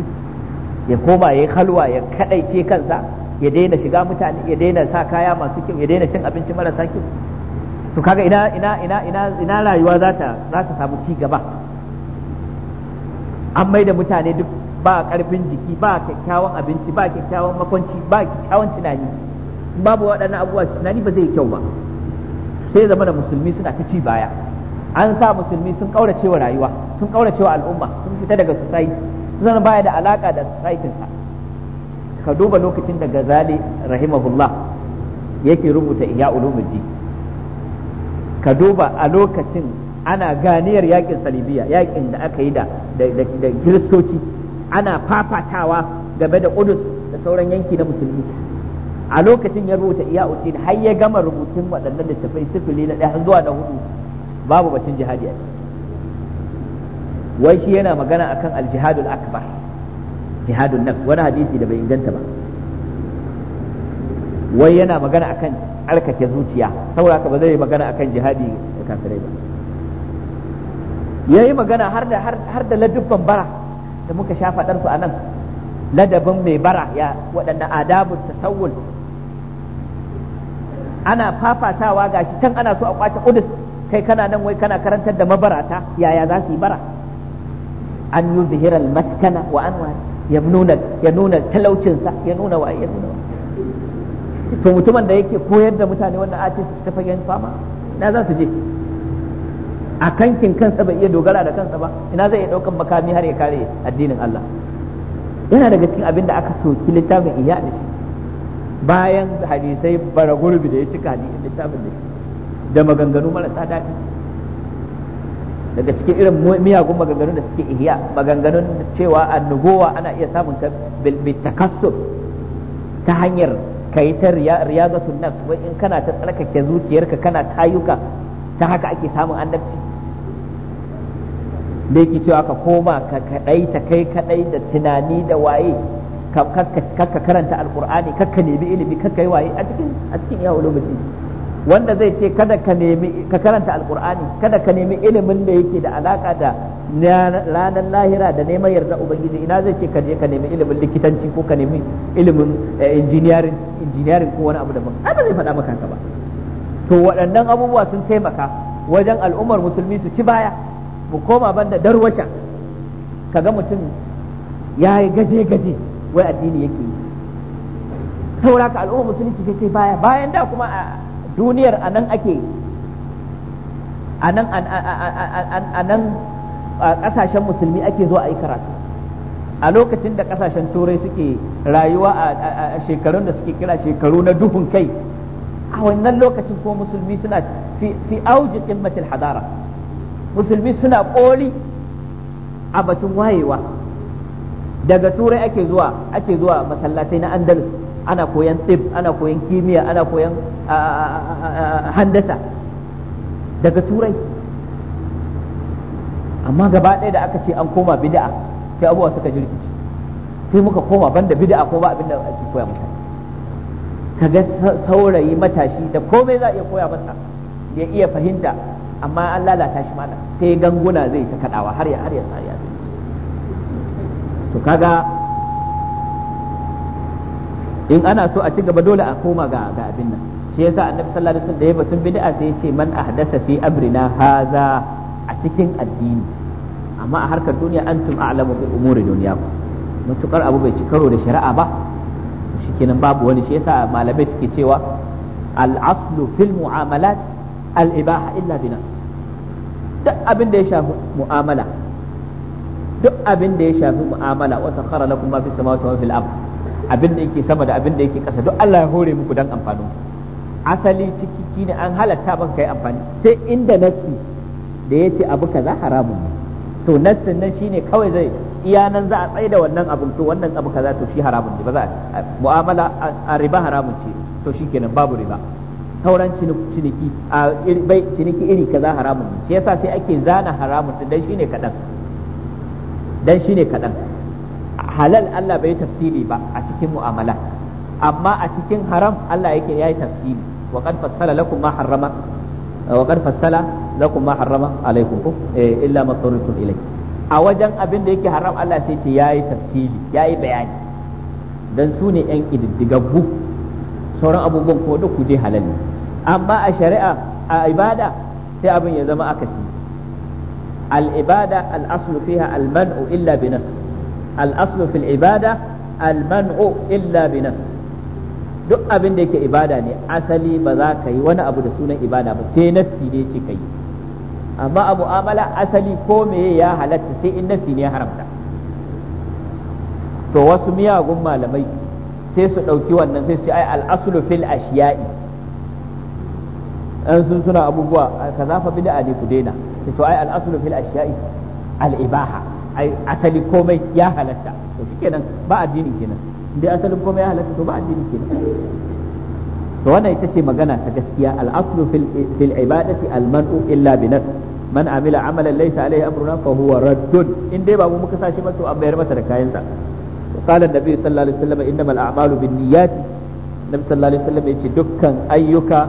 ya koma ya yi halwa ya kadaice kansa ya daina shiga mutane ya daina sa kaya masu kyau ya daina cin abinci marasa kyau to kaga ina ina ina ina ina rayuwa za ta za ta samu ci gaba an mai da mutane duk ba karfin jiki ba kyakkyawan abinci ba kyakkyawan makwanci ba kyakkyawan tunani babu waɗannan abubuwa tunani ba zai kyau ba sai zama da musulmi suna ta ci baya an sa musulmi sun kaurace wa rayuwa sun kaurace wa al'umma sun fita daga society sun baya da alaka da society sa ka duba lokacin da gazali rahimahullah yake rubuta ihya ulumuddin ka duba a lokacin ana ganiyar yakin salibiya yakin da aka yi da da kiristoci ana fafatawa game da kudus da sauran yanki na musulmi a lokacin ya rubuta iya uddin har ya gama rubutun waɗannan littafai sifili na ɗaya zuwa na hudu babu batun jihadi a ciki wai shi yana magana akan aljihadul akbar jihadun nafs wani hadisi da bai inganta ba wai yana magana akan tsarkake zuciya saboda haka ba zai yi magana akan jihadi da kafirai ba yayi magana har da har da ladubban bara da muka sha faɗar a nan ladabin mai bara ya waɗanda adabun tasawul ana fafatawa gashi can ana so a kwace kudus kai kana nan wai kana karantar da mabarata yaya za su yi bara an yi zihirar maskana wa anwa ya nuna ya nuna talaucinsa ya nuna wa ya nuna to mutumin da yake koyar da mutane wannan a ce su fama na za su je a kankin kansa bai iya dogara da kansa ba ina zai iya daukan makami har ya kare addinin Allah yana daga cikin abin da aka soki littafin iya da shi bayan hadisai bara gurbi da ya cika littafin da shi da maganganu marasa daɗi daga cikin irin miyagun maganganu da suke ihya maganganun cewa annugowa ana iya samun ta bitakassur ta hanyar kai ta riyazatun nafs wai in kana ta tsarkake zuciyarka kana tayuka ta haka ake samun annabci da yake cewa ka koma ka kadai ta kai kadai da tunani da waye kakka karanta alqur'ani kakka nemi ilimi kakka yi waye a cikin a cikin iya ulumuddin wanda zai ce kada ka nemi ka karanta alqur'ani kada ka nemi ilimin da yake da alaka da ranar lahira da neman yarda ubangiji ina zai ce ka je ka nemi ilimin likitanci ko ka nemi ilimin eh, engineering engineering ko wani abu daban ai ba zai faɗa maka ka ba to waɗannan abubuwa sun taimaka wajen al'ummar musulmi su ci baya mu koma banda darwasha kaga mutum ya yi gaje-gaje wai addini yake yi saboda ka al'umma musulunci sai ta baya bayan da kuma a duniyar anan ake anan a kasashen musulmi ake zuwa a yi karatu a lokacin da kasashen turai suke rayuwa a shekarun da suke kira shekaru na duhun kai a wannan lokacin ko musulmi suna fi auji qimmatil hadara musulmi suna koli a batun wayewa daga turai ake zuwa ake zuwa masallatai na andalus ana koyan tsib ana koyan kimiyya ana koyan handasa daga turai amma gaba ɗaya da aka ce an koma bid'a sai abubuwa suka jirgi sai muka koma banda bid'a ko ba abinda ake koya mutane ga saurayi matashi da komai za a iya koya masa ya iya fahimta amma an lalata shi mana sai ganguna zai ta kadawa har ya har ya to kaga in ana so a ci gaba dole a koma ga abin nan shi yasa annabi sallallahu alaihi wasallam da ya batun bid'a sai ya ce man ahdasa fi amrina haza a cikin addini amma a harkar duniya antum a'lamu bi umuri duniya mutukar abu bai ci karo da shari'a ba shikenan babu wani shi yasa malamai suke cewa al-aslu fil mu'amalat al-ibaha illa bi nas duk abin da ya shafi mu'amala duk abin da ya shafi mu'amala wa sakhara lakum ma fi samawati wa fil ard abin da yake sama da abin da yake ƙasa duk Allah ya hore muku dan amfanin asali ciki kine an halatta ban kai amfani sai inda nassi da yace abu kaza haramun ne to nassin nan shine kawai zai iya nan za a tsaye da wannan abin to wannan abu kaza to shi haramun ne ba za mu'amala a riba haramun ce to shikenan babu riba sauran ciniki a ciniki iri kaza haramun ne shi yasa sai ake zana haramun din dan shine kadan dan shine kaɗan halal Allah bai tafsiri ba a cikin mu'amala amma a cikin haram Allah yake yayi tafsiri wa qad fassala lakum ma harrama wa qad fassala lakum ma harrama alaikum eh, illa ma ilai a wajen abin da yake haram Allah sai ce yayi tafsiri yayi bayani dan su ne yan kididdigaggu sauran abubuwan ko duk kuje halal ne amma a shari'a a ibada sai abin ya zama akasi العبادة الأصل فيها المنع إلا بنص الأصل في العبادة المنع إلا بنص duk abin da yake ibada ne asali ba za ka yi wani abu da sunan ibada ba sai nassi ne ce amma a mu'amala asali ko meye ya halatta sai in nassi ne haramta to wasu miyagun malamai sai su ɗauki wannan sai su ce ai al'aslu fil ashiya'i an sun suna abubuwa kaza fa bid'a ne ku daina sai to ai al-aslu fil ashiya'i al ai asali komai ya halatta to shikenan ba addini kenan indai asalin komai ya halatta to ba addini kenan to wannan ita ce magana ta gaskiya al-aslu fil fil ibadati al-man'u illa bi nafs man amila amalan laysa alayhi amruna fa huwa raddun indai ba mu muka sashi ba to an bayar masa da kayansa قال النبي صلى الله عليه وسلم انما الاعمال بالنيات النبي صلى الله عليه وسلم yace dukkan ayyuka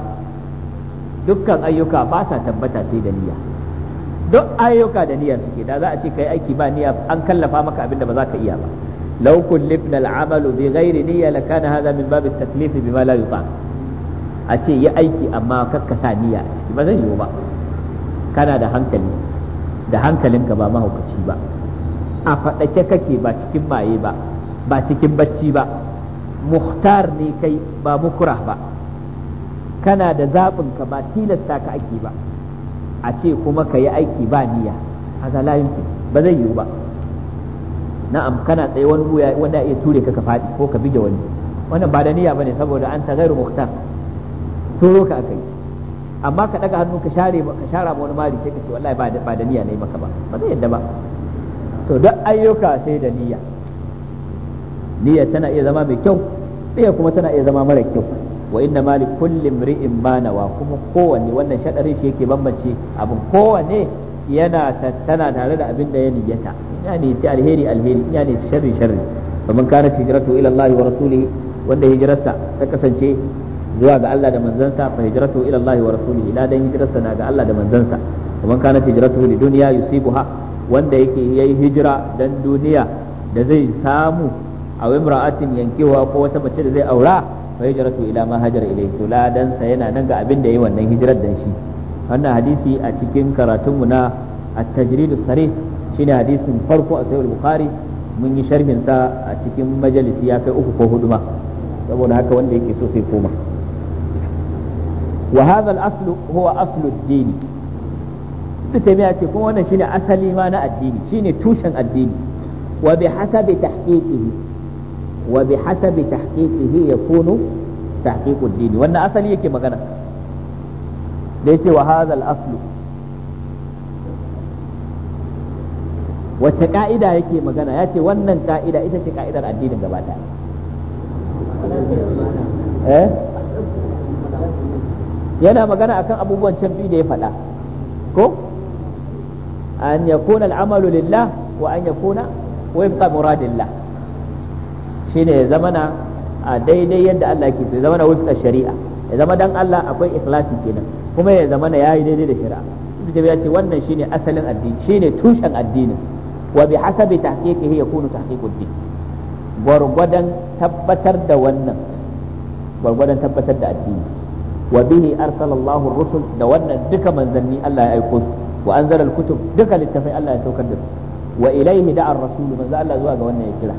dukkan ayyuka ba sa tabbata sai da niyya duk ayyuka da niyya suke da za a ce kai aiki ba niyya an kallafa maka abin da ba za ka iya ba law kullifna al'amalu bi ghairi niyya lakana hadha min babi at-taklif bima la a ce yi aiki amma kakkasa niyya a ciki ba zai yiwu ba kana da hankali da hankalinka ba mahaukaci ba a faɗake kake ba cikin maye ba ba cikin bacci ba muhtar ne kai ba mukura ba kana da zaɓin ka ba tilasta ka aiki ba a ce kuma ka yi aiki ba niyya haka layin ba zai yiwu ba na'am kana tsaye wani buya wanda iya ture ka ka faɗi ko ka bige wani wannan ba da niyya bane saboda an ta gairu muhtar turo ka yi amma ka daga hannu ka share ka shara wani mali sai ka ce wallahi ba da ba da niyya nayi maka ba ba zai yadda ba to duk ayyuka sai da niyya niyya tana iya zama mai kyau niyya kuma tana iya zama mara kyau wa inna mali kulli imri'in ma nawa kuma kowanne wannan shadarin shi yake bambance abin kowanne yana tattana tare da abin da ya niyyata ya ne ci alheri alheri ya ne ci sharri sharri faman kana hijratu ila Allah wa rasulihi wanda hijrarsa ta kasance zuwa ga Allah da manzansa fa hijratu ila Allah wa rasulihi la dan hijrarsa na ga Allah da manzansa faman kana hijratu li dunya yusibuha wanda yake yayi hijira dan duniya da zai samu a imra'atin yankewa ko wata mace da zai aura fa ila ma hajara ilayhi to ladan sa yana nan ga abin da yayi wannan hijirar dan shi wannan hadisi a cikin karatun mu na at-tajrid sarih shine hadisin farko a sahih al-bukhari mun yi sharhin sa a cikin majalisi ya kai uku ko hudu ma saboda haka wanda yake so sai koma wa hadha al-aslu huwa aslu ad-din ya ce kuma wannan shine asali ma na addini shine tushen addini wa bi hasabi tahqiqihi wa bi hasabi tahqiqihi yakunu tahqiqud din wannan asali yake magana da yace wa hadha wacce ka'ida yake magana ya ce wannan ka'ida ita ce ka'idar addinin gaba eh? yana magana akan abubuwan can biyu da ya faɗa ko an yakuna al'amalu lillah wa an yakuna wa yabqa muradillah shine ya zamana a daidai yadda Allah yake so ya zamana wufqa shari'a ya zama dan Allah akwai ikhlasi kenan kuma ya zamana yayi daidai da shari'a da ya ce wannan shine asalin addini shine tushen addinin wa bi hasabi tahqiqihi yakunu tahqiqud din gwargwadon tabbatar da wannan gwargwadon tabbatar da addini wa bihi arsalallahu rusul da wannan duka manzanni Allah ya aiko su wa anzala al-kutub duka littafai Allah ya saukar da su wa ilaihi da'a ar-rasul manzo Allah zuwa ga wannan ya kira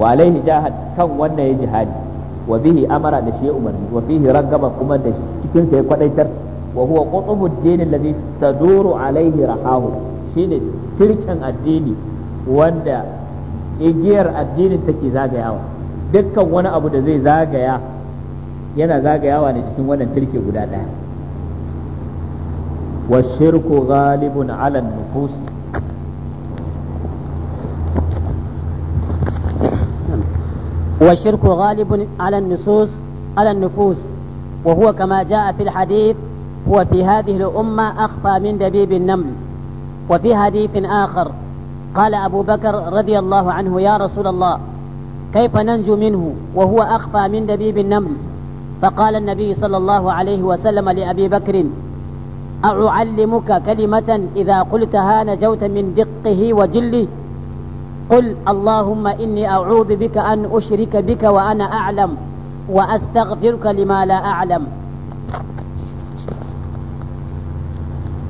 wa alaihi jahad kan wannan ya jihadi wa bihi amara da shi ya umarni wa ragaba kuma da cikin sa ya kwadaitar wa huwa qutubu ad-din alladhi taduru alaihi rahahu shine tirkin addini wanda igiyar addinin take zagayawa dukkan wani abu da zai zagaya yana zagayawa ne cikin wannan tirke guda ɗaya wa shirku ghalibun ala nufusi والشرك غالب على النصوص على النفوس وهو كما جاء في الحديث هو في هذه الأمة أخفى من دبيب النمل وفي حديث آخر قال أبو بكر رضي الله عنه يا رسول الله كيف ننجو منه وهو أخفى من دبيب النمل فقال النبي صلى الله عليه وسلم لأبي بكر أعلمك كلمة إذا قلتها نجوت من دقه وجله قل اللهم إني أعوذ بك أن أشرك بك وأنا أعلم وأستغفرك لما لا أعلم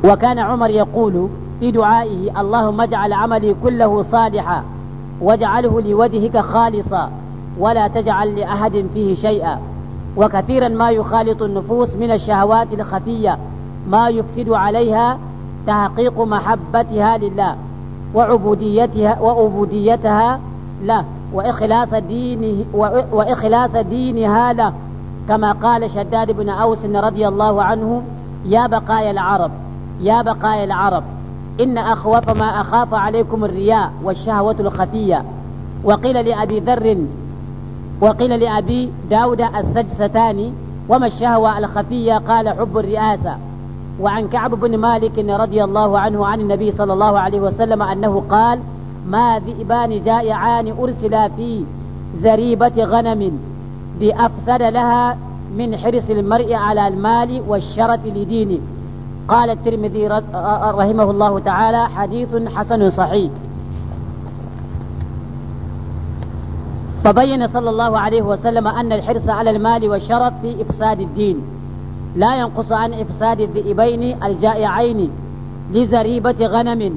وكان عمر يقول في دعائه اللهم اجعل عملي كله صالحا واجعله لوجهك خالصا ولا تجعل لأحد فيه شيئا وكثيرا ما يخالط النفوس من الشهوات الخفية ما يفسد عليها تحقيق محبتها لله وعبوديتها وعبوديتها له وإخلاص دينه وإخلاص دينها له كما قال شداد بن أوس رضي الله عنه يا بقايا العرب يا بقايا العرب إن أخوف ما أخاف عليكم الرياء والشهوة الخفية وقيل لأبي ذر وقيل لأبي داود السجستاني وما الشهوة الخفية قال حب الرئاسة وعن كعب بن مالك رضي الله عنه عن النبي صلى الله عليه وسلم أنه قال ما ذئبان جائعان أرسلا في زريبة غنم بأفسد لها من حرص المرء على المال والشرف لدينه قال الترمذي آه، آه، آه، رحمه الله تعالى حديث حسن صحيح فبين صلى الله عليه وسلم أن الحرص على المال والشرف في إفساد الدين لا ينقص عن إفساد الذئبين الجائعين لزريبة غنم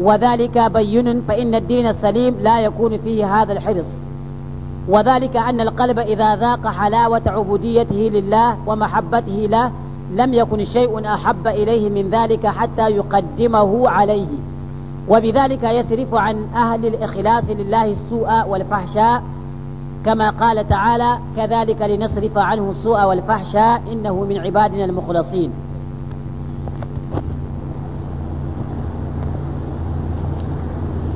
وذلك بين فإن الدين السليم لا يكون فيه هذا الحرص وذلك أن القلب إذا ذاق حلاوة عبوديته لله ومحبته له لم يكن شيء أحب إليه من ذلك حتى يقدمه عليه وبذلك يصرف عن أهل الإخلاص لله السوء والفحشاء كما قال تعالى كذلك لنصرف عنه السوء والفحشاء إنه من عبادنا المخلصين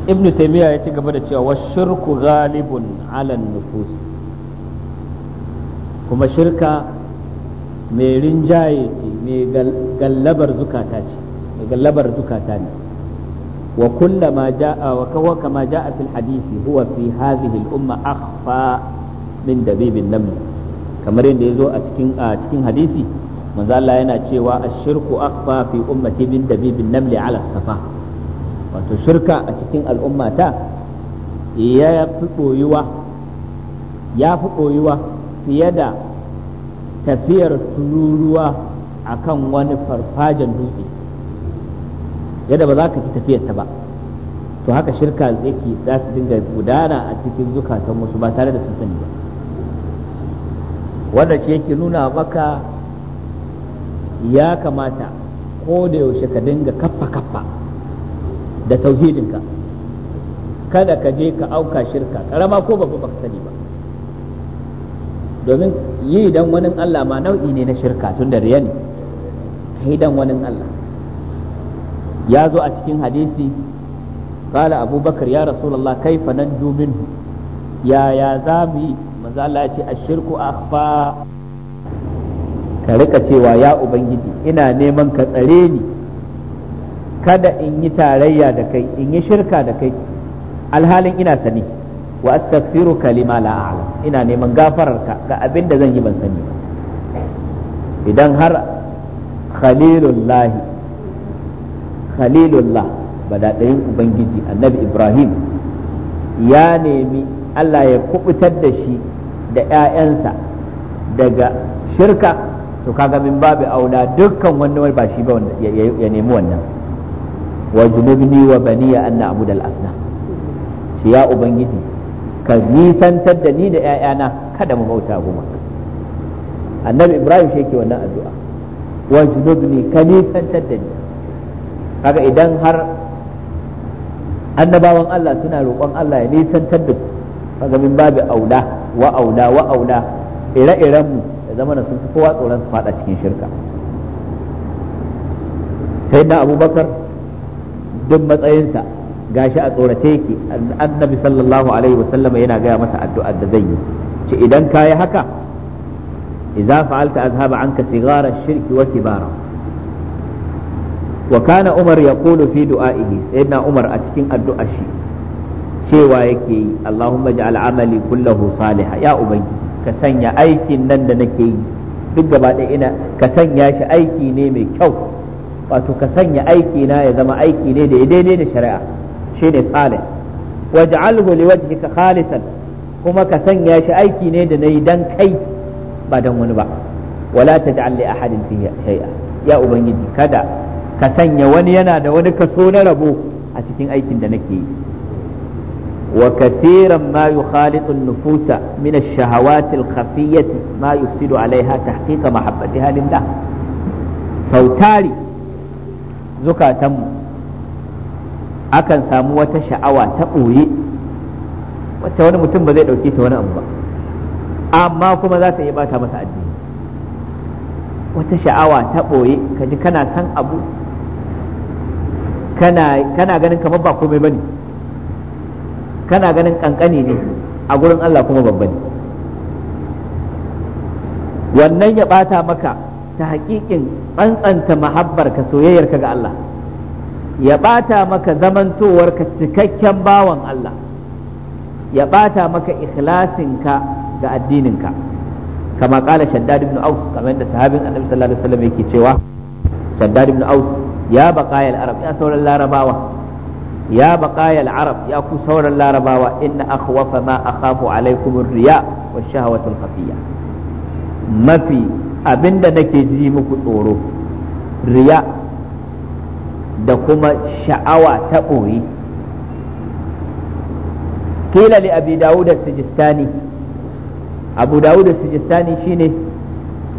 ابن تيمية يتقبل الشيء والشرك غالب على النفوس كما شركة mai rinjaye ce mai gallabar zukata wa kullama jaa wa kawa kama jaa fil hadisi huwa fi hadhihi al umma akhfa min dabibin naml kamar yadda yazo a a cikin hadisi manzo Allah yana cewa ash-shirku akhfa fi ummati min dabibin naml ala safa wato shirka a cikin al'ummata ya fi boyuwa ya fi boyuwa fiye da tafiyar tururuwa akan wani farfajan dutse yadda ba za ka ci tafiyar ta ba to haka shirka yake za su dinga gudana a cikin zukatan wasu ba tare da sun sani ba wanda ce yake nuna maka ya kamata ko da yaushe ka dinga kaffa kaffa da tauhidinka kada ka je ka auka shirka karama ko babba ba sani ba domin yi dan wani Allah ma nau'i ne na shirka tun da riya ne yi dan wani Allah ya zo a cikin hadisi kala abubakar ya rasulullah kaifa fanan minhu ya ya za mu yi manzo Allah ya ce ashirku akhfa ka rika cewa ya ubangiji ina neman ka tsare ni kada in yi tarayya da kai in yi shirka da kai alhalin ina sani wa astaghfiruka kalima la a'lam ina neman gafararka ga abin da zan yi ban sani ba idan har khalilullahi khalilullah badaɗayin ubangiji annabi ibrahim ya nemi allah ya kubutar da shi da 'ya'yansa daga shirka to kaga min babu aula dukkan wani ba shi ba ya nemi wannan wa junubni wa baniya an na'budu al-asnam shi ya ubangiji ka nisantar da ni da 'ya'yana kada mu bauta goma annabi ibrahim shi yake wannan addu'a wa junubni ka nisantar da ni kaga idan har annabawan Allah suna roƙon Allah ya nisantar da Fagamin babu aula wa aula wa aula ire-iren mu da zamanin sun fi kowa tsoron su fada cikin shirka sai na abubakar duk matsayinsa gashi a tsorace yake annabi sallallahu alaihi wasallam yana gaya masa addu'ar da zai yi ce idan kayi haka idza fa'alta azhaba anka sigara shirki wa kibara wa kana umar yaqulu fi du'a'ihi na umar a cikin addu'a shi cewa yake yi allahumma ja'al amali kullahu salih ya ubangi ka sanya aikin nan da yi duk gaba ɗaya ina ka sanya shi aiki ne mai kyau wato ka sanya aiki na ya zama aiki ne da ya daidai da shari'a shine salih waj'alhu ka khalisan kuma ka sanya shi aiki ne da nayi dan kai ba dan wani ba wala taj'al li ahadin fihi shay'a ya ubangiji kada ka sanya wani yana da wani kaso na rabo a cikin aikin da nake yi wa katiran ma yukhalitu nufusa min ash-shahawati al-khafiyyati ma yufsidu 'alayha tahqiqa mahabbatiha lillah sautari zukatanmu akan samu wata sha'awa ta ɓoye wacce wani mutum ba zai ɗauki ta wani abu ba amma kuma za ta iya bata masa addini wata sha'awa ta ɓoye ka ji kana san abu kana kana ganin kamar ba komai bane kana ganin kankani ne a gurin Allah kuma babba ne wannan ya bata maka ta hakikin tsantsanta mahabbarka soyayyarka ga Allah ya bata maka zamantowarka cikakken bawan Allah ya bata maka ikhlasinka ga addininka kama kala shaddad ibn aus kamar yadda sahabin annabi sallallahu alaihi wasallam yake cewa shaddad ibn aus ya baqayal arab ya sauran larabawa ya baqayal arab ya ku sauran larabawa inna akhwafa ma akhafu alaikum riya wa shahawatul khafiya mafi abinda nake ji muku tsoro riya da kuma sha'awa ta ɓoye kila li abi dawud sijistani abu dawud sijistani shine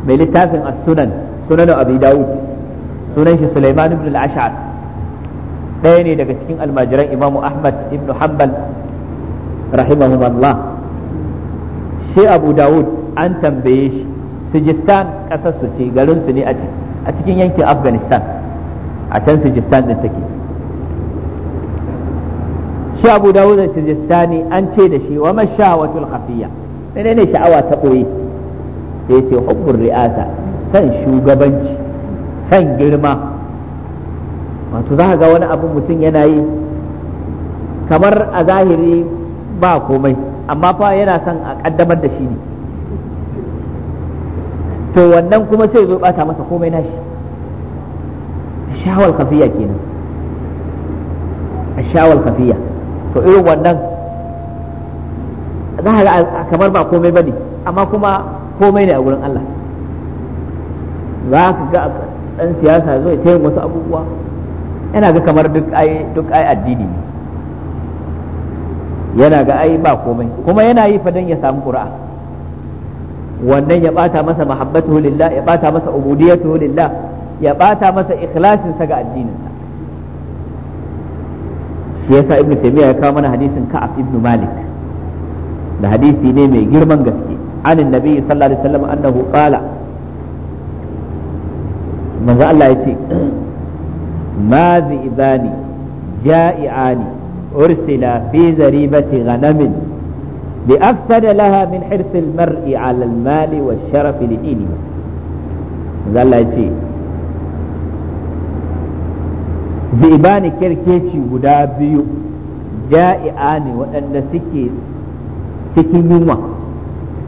mai littafin as-sunan sunan abi dawud sunan shi Sulaiman ibn al-Ash'ar ɗaya ne daga cikin almajiran Imam Ahmad ibn Hanbal rahimahumullah shi Abu Dawud an tambaye shi Sijistan ƙasar su ce garin su ne a cikin yankin Afghanistan a can Sijistan din take shi Abu Dawud Sijistani an ce da shi wa mashawatul khafiyya menene sha'awa ta koyi sai ce hubbur ri'asa kan shugabanci san girma wato za ga wani abu mutum yana yi kamar a zahiri ba komai amma fa yana son a kaddamar da shi ne to wannan kuma sai zo bata masa komai nashi shawal kafiya kenan shawal kafiya to irin wannan za ga kamar ba komai bane amma kuma komai ne a gurin Allah za ka ga dan siyasa zai ce wasu abubuwa yana ga kamar duk ai addini ne yana ga ai ba komai kuma yana yi fa dan ya samu qur'a wannan ya bata masa mahabbatuhu lillah ya bata masa ubudiyatuhu lillah ya bata masa ikhlasin sa ga addinin sa shi yasa ibnu taymiya ya kawo mana hadisin ka'ab Ibn malik da hadisi ne mai girman gaske anin nabi sallallahu alaihi wasallam annahu qala manzo Allah ya ce ma zi'ibani ja'i'ani ursila fi zaribati ghanamin bi afsada laha min hirs al-mar'i 'ala al-mali wa sharaf al-ilmi manzo Allah ya ce zi'ibani kirkeci guda biyu ja'i'ani waɗanda suke cikin yunwa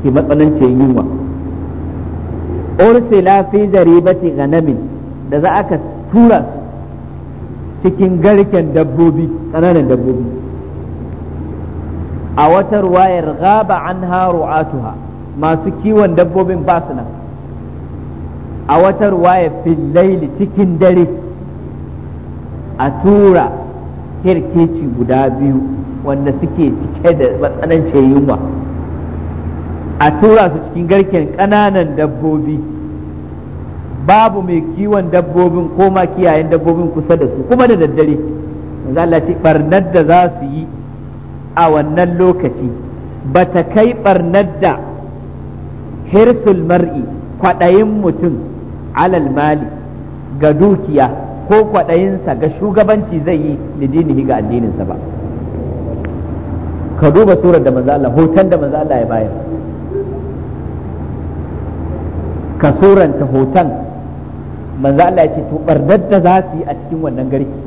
ke matsanancin yunwa ursila fi zaribati ganamin da za aka tura cikin garken dabbobi ƙananan dabbobi a wata ruwayar gaba an atuha masu kiwon dabbobin ba su nan a wata ruwayar fillaili cikin dare a tura kirkeci guda biyu wanda suke cike da matsanancin yunwa a tura su cikin garken ƙananan dabbobi babu mai kiwon dabbobin ko ma kiyayen dabbobin kusa da su kuma da daddare Allah ce barnar da za su yi a wannan lokaci ba ta kai barnar da hirsul mar'i kwaɗayin mutum alal mali ga dukiya ko kwaɗayinsa ga shugabanci zai yi lidinihi ga addininsa ba ka duba surar da hoton da manzo ya bayar ka suranta hoton manzo Allah ya ce to barnar da za su yi a cikin wannan garki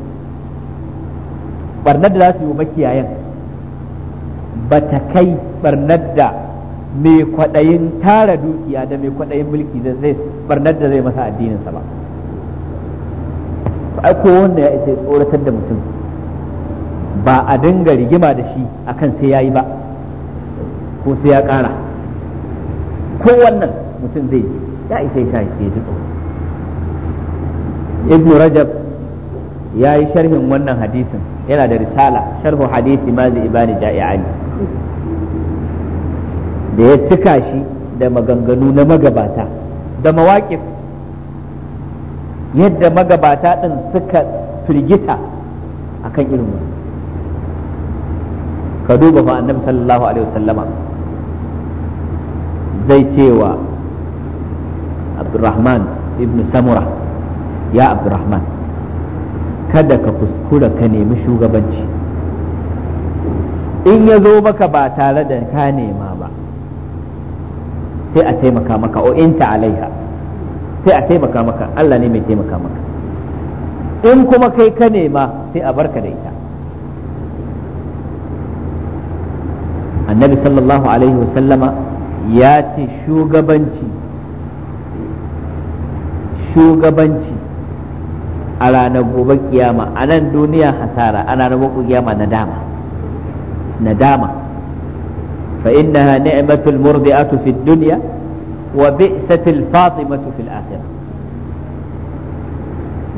barnar da za su yi wa makiyayan ba ta kai barnar da mai kwaɗayin tara dukiya da mai kwaɗayin mulki da zai barnar da zai masa addininsa ba ai ko wanda ya isa tsoratar da mutum ba a dinga rigima da shi akan sai yayi ba ko sai ya kara ko wannan mutum zai yi ya ishe ke ibn rajab ya yi sharhin wannan hadisin yana da risala sharhu hadisi mazi ibani ja'i ali da ya cika shi da maganganu na magabata da mawaƙif yadda magabata ɗin suka firgita akan kan irin ka duba annabi sallallahu alaihi wasallama zai cewa abdurrahman ibn samura ya abdurrahman kada ka kuskura ka nemi shugabanci in ya zo maka ba tare da ka nema ba sai a taimaka maka o in alaiha sai a taimaka maka Allah ne taimaka maka in kuma kai ka nema sai a barka da ita annabi sallallahu alaihi wasallama ya ce shugabanci shugabanci a ranar gobe kiyama a nan duniya hasara ana ranar gobe kiyama nadama nadama fa innaha ni'matul murdi'atu fid dunya wa bi'satil fatimatu fil akhirah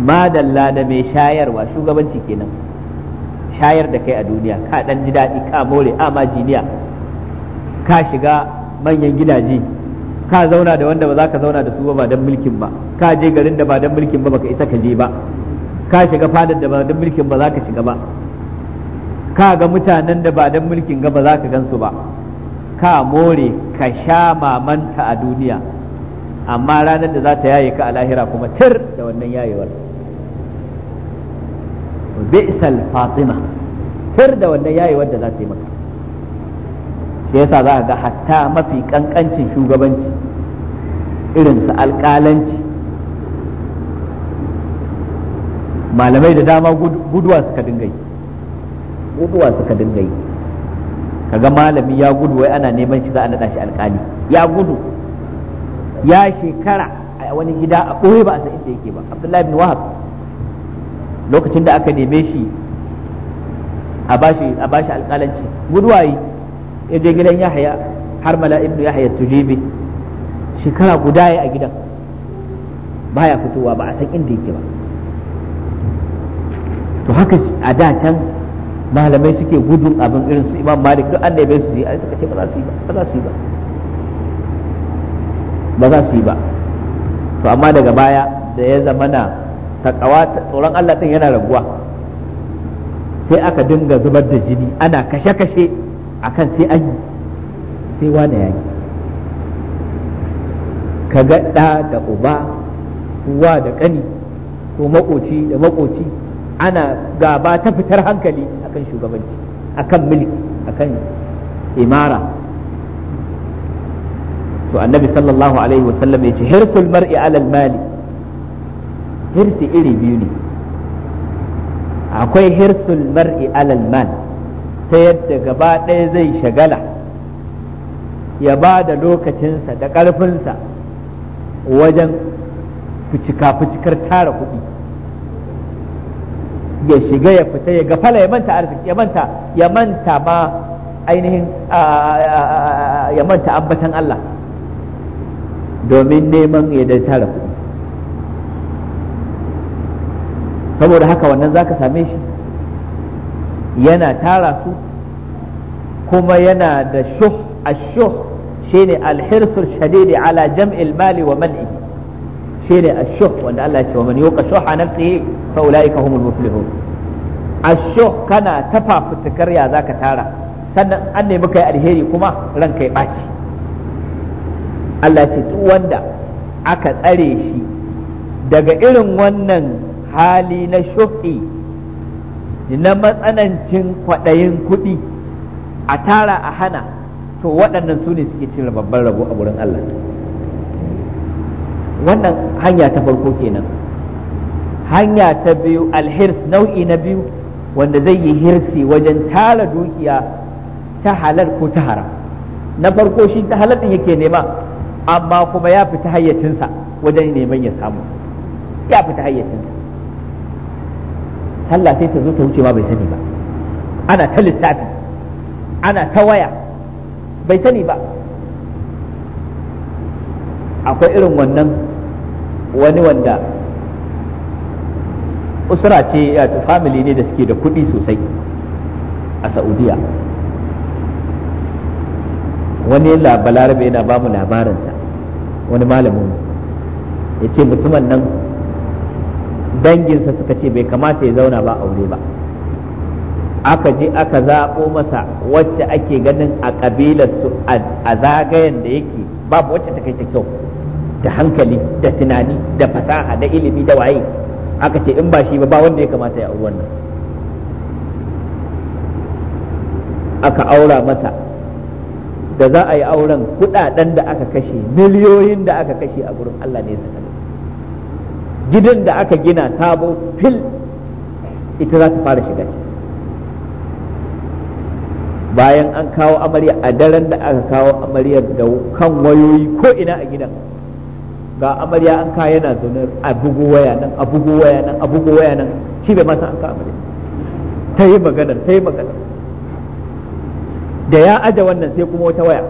madalla da mai shayarwa shugabanci kenan shayar da kai a duniya ka dan ji daɗi ka more amma jiniya ka shiga manyan gidaje ka zauna da wanda ba za ka zauna da su ba dan mulkin ba ka je garin da ba dan mulkin ba baka isa ka je ba ka shiga fadar da ba dan mulkin ba za ka shiga ba ka ga mutanen da ba dan mulkin ga ba za ka gansu ba ka more ka sha mamanta a duniya amma ranar da za ta yaye ka a lahira kuma tir da wannan yayewar bi'sal fatima tir da wannan yayewar da za ta yi maka shi yasa za ka ga hatta mafi kankancin shugabanci irin su alƙalanci malamai da dama guduwa suka dinga yi guduwa suka dinga yi kaga malami ya gudu wai ana neman shi za a naɗa shi alkali ya gudu ya shekara a wani gida a ɓoye ba a san inda yake ba abdullahi bin wahab lokacin da aka neme shi a bashi a bashi alƙalanci guduwa yi ya je gidan yahaya har mala ibnu yahaya tujibi shekara guda ya a gidan baya fitowa ba a san inda yake ba to haka a da can malamai suke gudun abin irin su imam malik duk an su yi ai suka ce ba za su yi ba ba za su yi ba to amma daga baya da ya zama na takawa tsoron Allah ɗin yana raguwa sai aka dinga zubar da jini ana kashe-kashe akan sai an yi sai wane ya ka ga da uba uwa da ƙani ko makoci da makoci ana gaba ta fitar hankali akan shugabanci akan mulki akan imara to annabi sallallahu alaihi wasallam ya ce hirsul mar'i alal mali hirsi iri biyu ne akwai hirsul mar'i alal mal ta yadda gaba ɗaya zai shagala ya ba da lokacinsa da ƙarfinsa wajen fucika-fucikar tara kuɗi ya shiga ya fita ya gafala ya manta arziki ya manta ya manta ma ainihin ya manta ambatan Allah domin neman ya da tara kuɗi saboda haka wannan zaka same shi yana tara su kuma yana da shuh ashuh shine alhirsul shadidi ala jam'il mali wa man'i shine ash-shuh wanda Allah ya ce wa man yuqa shuha nafsihi fa ulaika humul muflihun ash-shuh kana tafafutukar ya zaka tara sannan an nemi yi alheri kuma ran kai baci Allah ya ce duk wanda aka tsare shi daga irin wannan hali na shuhi na matsanancin kwaɗayin kuɗi a tara a hana to waɗannan su ne suke cin babban rabo a wurin Allah wannan hanya ta farko kenan hanya ta biyu alhirs nau'i na biyu wanda zai yi hirsi wajen tara dukiya ta halal ko ta haram na farko shi ta halal din yake nema amma kuma ya fita hayyacinsa wajen neman ya samu ya fita hayyacinsa sallah sai ta zo ta wuce ma bai sani ba ana ta lissafi ana ta waya bai sani ba akwai irin wannan wani wanda usra ce ya family ne da suke da kuɗi sosai a saudiya wani balarabe yana ba mu ta wani malamin ya ce mutumin nan danginsa suka ce bai kamata ya zauna ba aure ba aka je aka zaɓo masa wacce ake ganin a ƙabilarsu a zagayen da yake babu wacce ta kai ta kyau da hankali da tunani da fasaha da ilimi da waye aka ce in ba shi ba ba wanda ya kamata ya auri wannan aka aura masa da za a yi auren kudaden da aka kashe miliyoyin da aka kashe a gurin Allah ne ya gidan da aka gina sabo fil ita za ta fara shiga bayan an kawo amarya a daren da aka kawo amaryar da kan wayoyi ko ina a gidan ga amarya an ka yana zaune a bugu waya nan a bugu waya nan a bugu waya nan shi bai masa an ka amarya ta yi magana ta yi magana da ya aja wannan sai kuma wata waya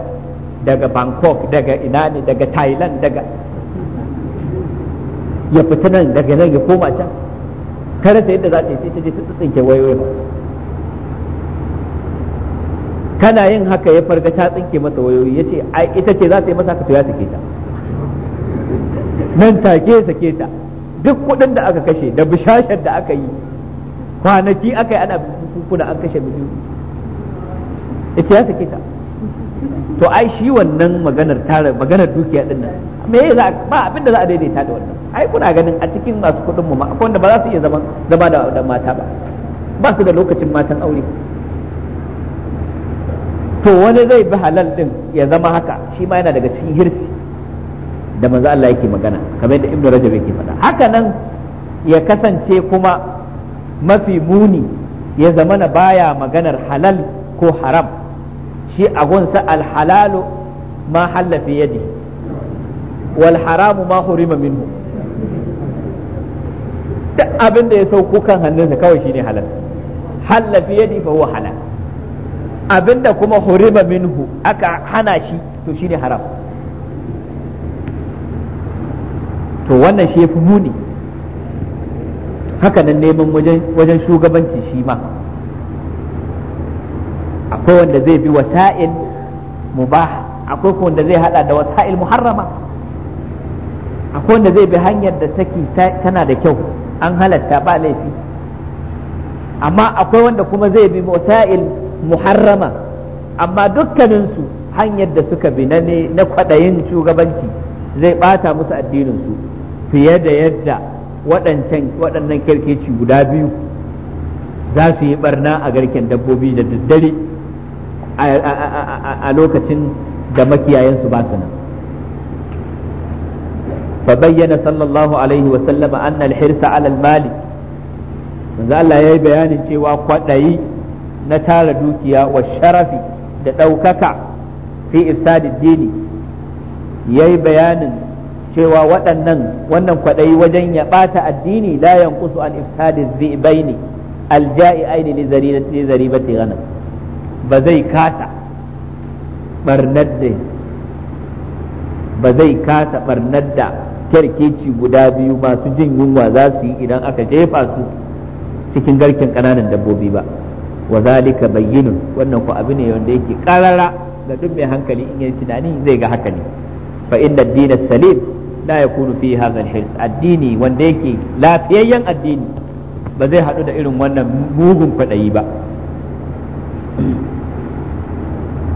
daga bangkok daga ina ne daga thailand daga ya fita nan daga nan ya koma can kare ta yadda za ta yi sai ta je ta tsinke wayoyi ba kana yin haka ya farga ta tsinke masa wayoyi ya ce ai ita ce za ta yi masa haka to ya sake ta nan take sake ta duk kuɗin da aka kashe da bishashar da aka yi kwanaki aka yi ana kuna an kashe miliyoyi ita ya sake ta to ai shi wannan maganar tara maganar dukiya din nan me za ba abin da za a daidaita da wannan ai kuna ganin a cikin masu kuɗin mu ma akwai wanda ba za su iya zama zama da mata ba ba su da lokacin matan aure to wani zai bi halal din ya zama haka shi ma yana daga cikin hirsi da manzo Allah yake magana kamar da ibnu rajab yake faɗa hakanan ya kasance kuma mafi muni ya zamana baya maganar halal ko haram shi agunsa alhalalu ma halla fi yadi wal haramu ma hurima minhu duk abin da ya sauko kan hannunsa kawai shine halal halla fi yadi fa huwa halal abinda kuma hurima minhu aka hana shi to shine haram to wannan shi yafi muni haka nan neman wajen shugabanci shi ma akwai wanda zai bi wasa'il mubah akwai kuma wanda zai hada da wasa'il muharrama akwai wanda zai bi hanyar da take tana da kyau an halatta ba laifi amma akwai wanda kuma zai bi wasa'il muharrama amma dukkaninsu hanyar da suka bi na kwaɗayin shugabanci zai ɓata musu addininsu fiye da yadda waɗannan kyarkeci guda biyu za su yi barna a garken dabbobi da daddare a lokacin da makiyayansu ba su nan فبين صلى الله عليه وسلم أن الحرص على المال manzo Allah ya yi bayanin cewa kwaɗayi na tara dukiya wa sharafi da ɗaukaka fi ifsadid dini ya yi bayanin cewa waɗannan wannan kwaɗayi wajen ya ɓata addini la yanqusu an ifsadi dhibaini alja'i'aini li zarinati zaribati ghanam ba zai kasa barnar da ba zai kasa barnar da kyarkeci guda biyu masu jin yunwa za su yi idan aka jefa su cikin garken ƙananan dabbobi ba wa zalika bayyinun wannan ku abu ne wanda yake karara ga duk mai hankali in yi tunani zai ga haka ne fa inna ad-din salim la yakunu fi hadha al-hirs addini wanda yake lafiyayyen addini ba zai hadu da irin wannan mugun faɗayi ba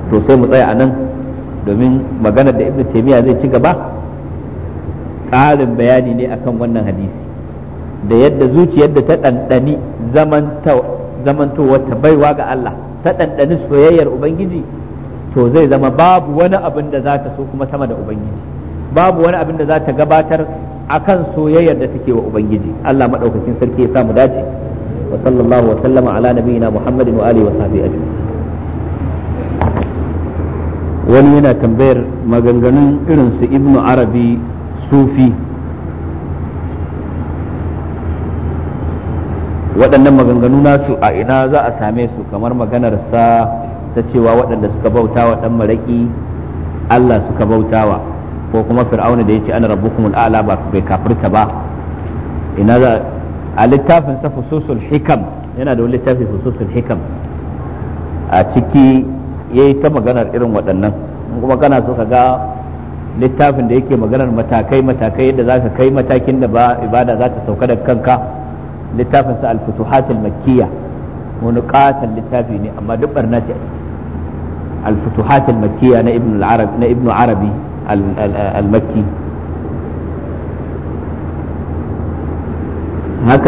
to sai mu tsaya anan domin maganar da ibnu taymiya zai ci gaba ƙarin bayani ne akan wannan hadisi da yadda zuciyar da ta ɗanɗani zamantowa ta baiwa ga Allah ta ɗanɗani soyayyar Ubangiji to zai zama babu wani abin da zata so kuma sama da Ubangiji babu wani abin da za ta gabatar akan soyayyar da take wa ubangiji Allah maɗaukakin sarki ya samu dace wa sallallahu wa sallama ala nabiyina muhammadin wa alihi wa sahbihi ajma'in wani yana tambayar maganganun irin su ibnu arabi sufi waɗannan maganganu nasu a ina za a same su kamar maganar sa ta cewa waɗanda suka bautawa ɗan maraƙi Allah suka bautawa ko kuma fir'auna da ce ana rabbukumul a'la ba bai kafirta ba ina za a littafin sa fususul hikam yana da wani littafi fususul hikam a ciki yayi ta maganar irin waɗannan kuma kana so ka ga littafin da yake maganar matakai matakai yadda zaka kai matakin da ba ibada za ta sauka da kanka littafin sa al-futuhatul makkiyya wani littafi ne amma duk barna ce al-futuhatul makkiyya na ibnu arabi na arabi al-makki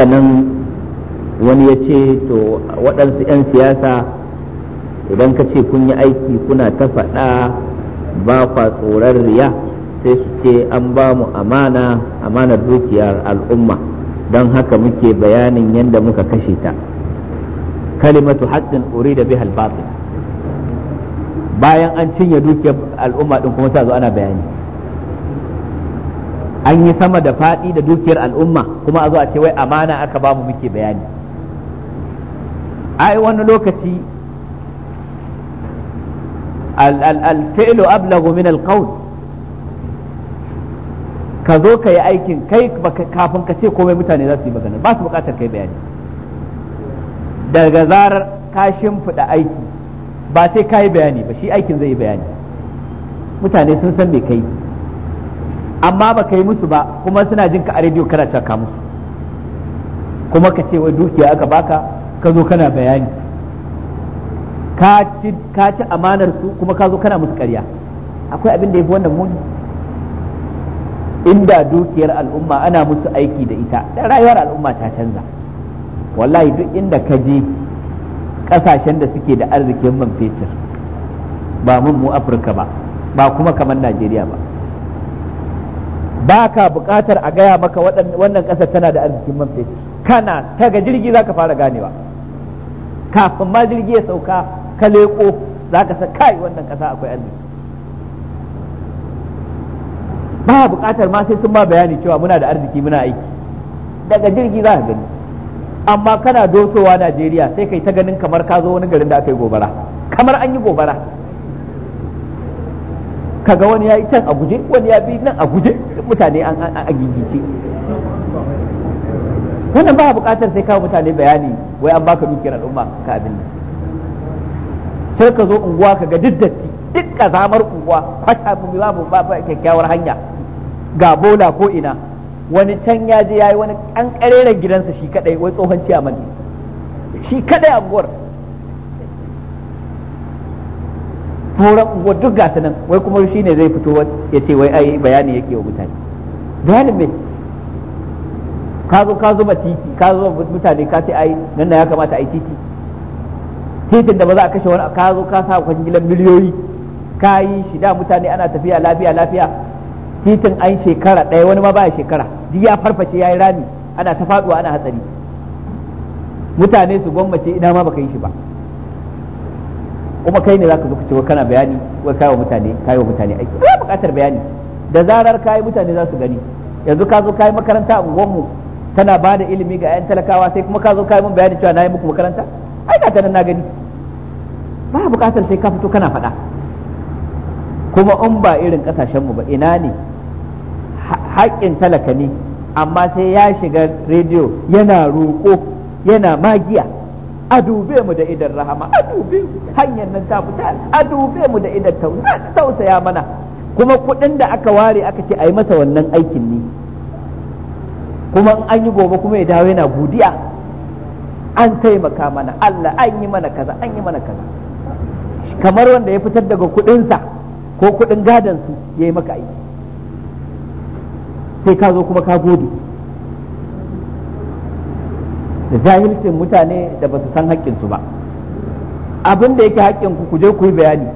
nan wani ya ce to waɗansu 'yan siyasa idan ka ce kun yi aiki kuna ta faɗa ba kwa tsoron riya sai su ce an ba mu amana amanar dukiyar al'umma don haka muke bayanin yadda muka kashe ta kalimatu haƙƙin uri da bihal batin bayan an cinye dukiyar al'umma din kuma ta zo ana bayani an yi sama da faɗi da dukiyar al'umma kuma a zo a ce wai amana aka ba mu muke bayani ai wani lokaci al-fi'lu ablagu min al-qawl ka zo ka aikin kai kafin ka ce komai mutane za su yi magana ba su bukatar kai bayani daga zarar ka shimfiɗa aiki ba sai ka yi bayani ba shi aikin zai yi bayani mutane sun san me kai amma ba ka yi musu ba kuma suna jin ka a rediyo kana taka musu kuma ka ce wai dukiya aka baka ka zo kana bayani ka ci amanar su kuma ka zo kana musu karya akwai abin da ya wannan muni inda dukiyar al'umma ana musu aiki da ita da rayuwar al'umma ta canza wallahi duk inda ka je kasashen da suke da arzikin man fetur ba mun mu afirka ba ba kuma kamar najeriya ba ba ka buƙatar a gaya maka wannan ƙasar tana da arzikin man fetur kana ta ga jirgi za ka fara ganewa kafin ma jirgi ya sauka ka leƙo za ka sa kai wannan ƙasa akwai arziki ba buƙatar ma sai sun ma bayani cewa muna da arziki muna aiki daga jirgi za ka gani amma kana dotowa Najeriya sai kai ta ganin kamar ka zo wani garin da aka yi gobara kamar an yi gobara kaga wani ya yi can a guje wani ya bi nan a guje mutane an a gigice wannan ba buƙatar sai kawo mutane bayani wai an baka dukiyar al'umma ka abin nan sai ka zo unguwa ka ga duk datti duk kazamar unguwa kwata babu babu kyakkyawar hanya ga bola ko ina wani can ya je ya yi wani an gidansa shi kadai wai tsohon ciyaman ne shi kadai a guwar sauran guwar duk gasa nan wai kuma shi ne zai fito ya ce wai ai bayani yake wa mutane bayanin me ka zo ka zuba titi ka zo mutane ka ce ai nan na ya kamata ai titi titin da ba za a kashe wani ka zo ka sa kwangilan miliyoyi ka yi shi da mutane ana tafiya lafiya lafiya titin an shekara ɗaya wani ma baya shekara duk ya farfashe ya yi rami ana ta faɗuwa ana hatsari mutane su gwammace ina ma baka yi shi ba kuma kai ne za ka zo ka ce kana bayani wai kai wa mutane kai wa mutane aiki ba buƙatar bayani da zarar kai mutane za su gani yanzu ka zo kai makaranta a unguwarmu tana ba da ilimi ga 'yan talakawa sai kuma ka zo kai mun bayani cewa na yi muku makaranta ai ga ta na gani ba buƙatar sai ka fito kana faɗa kuma in ba irin kasashenmu ba ina ne haƙƙin talaka ne amma sai ya shiga rediyo yana roƙo yana magiya a dube mu da idan rahama a dube hanyar nan ta fita a dube mu da idan tausaya mana kuma kuɗin da aka ware aka ce a yi masa wannan aikin ne kuma in an yi gobe kuma ya dawo yana gudiya, an taimaka mana Allah an yi mana kaza an yi mana kaza kamar wanda ya fitar daga kuɗinsa ko kuɗin gadansu ya yi maka aiki sai ka zo kuma ka gode da jahilcin mutane da ba su san haƙƙinsu ba abin da yake haƙƙinku ku je ku yi bayani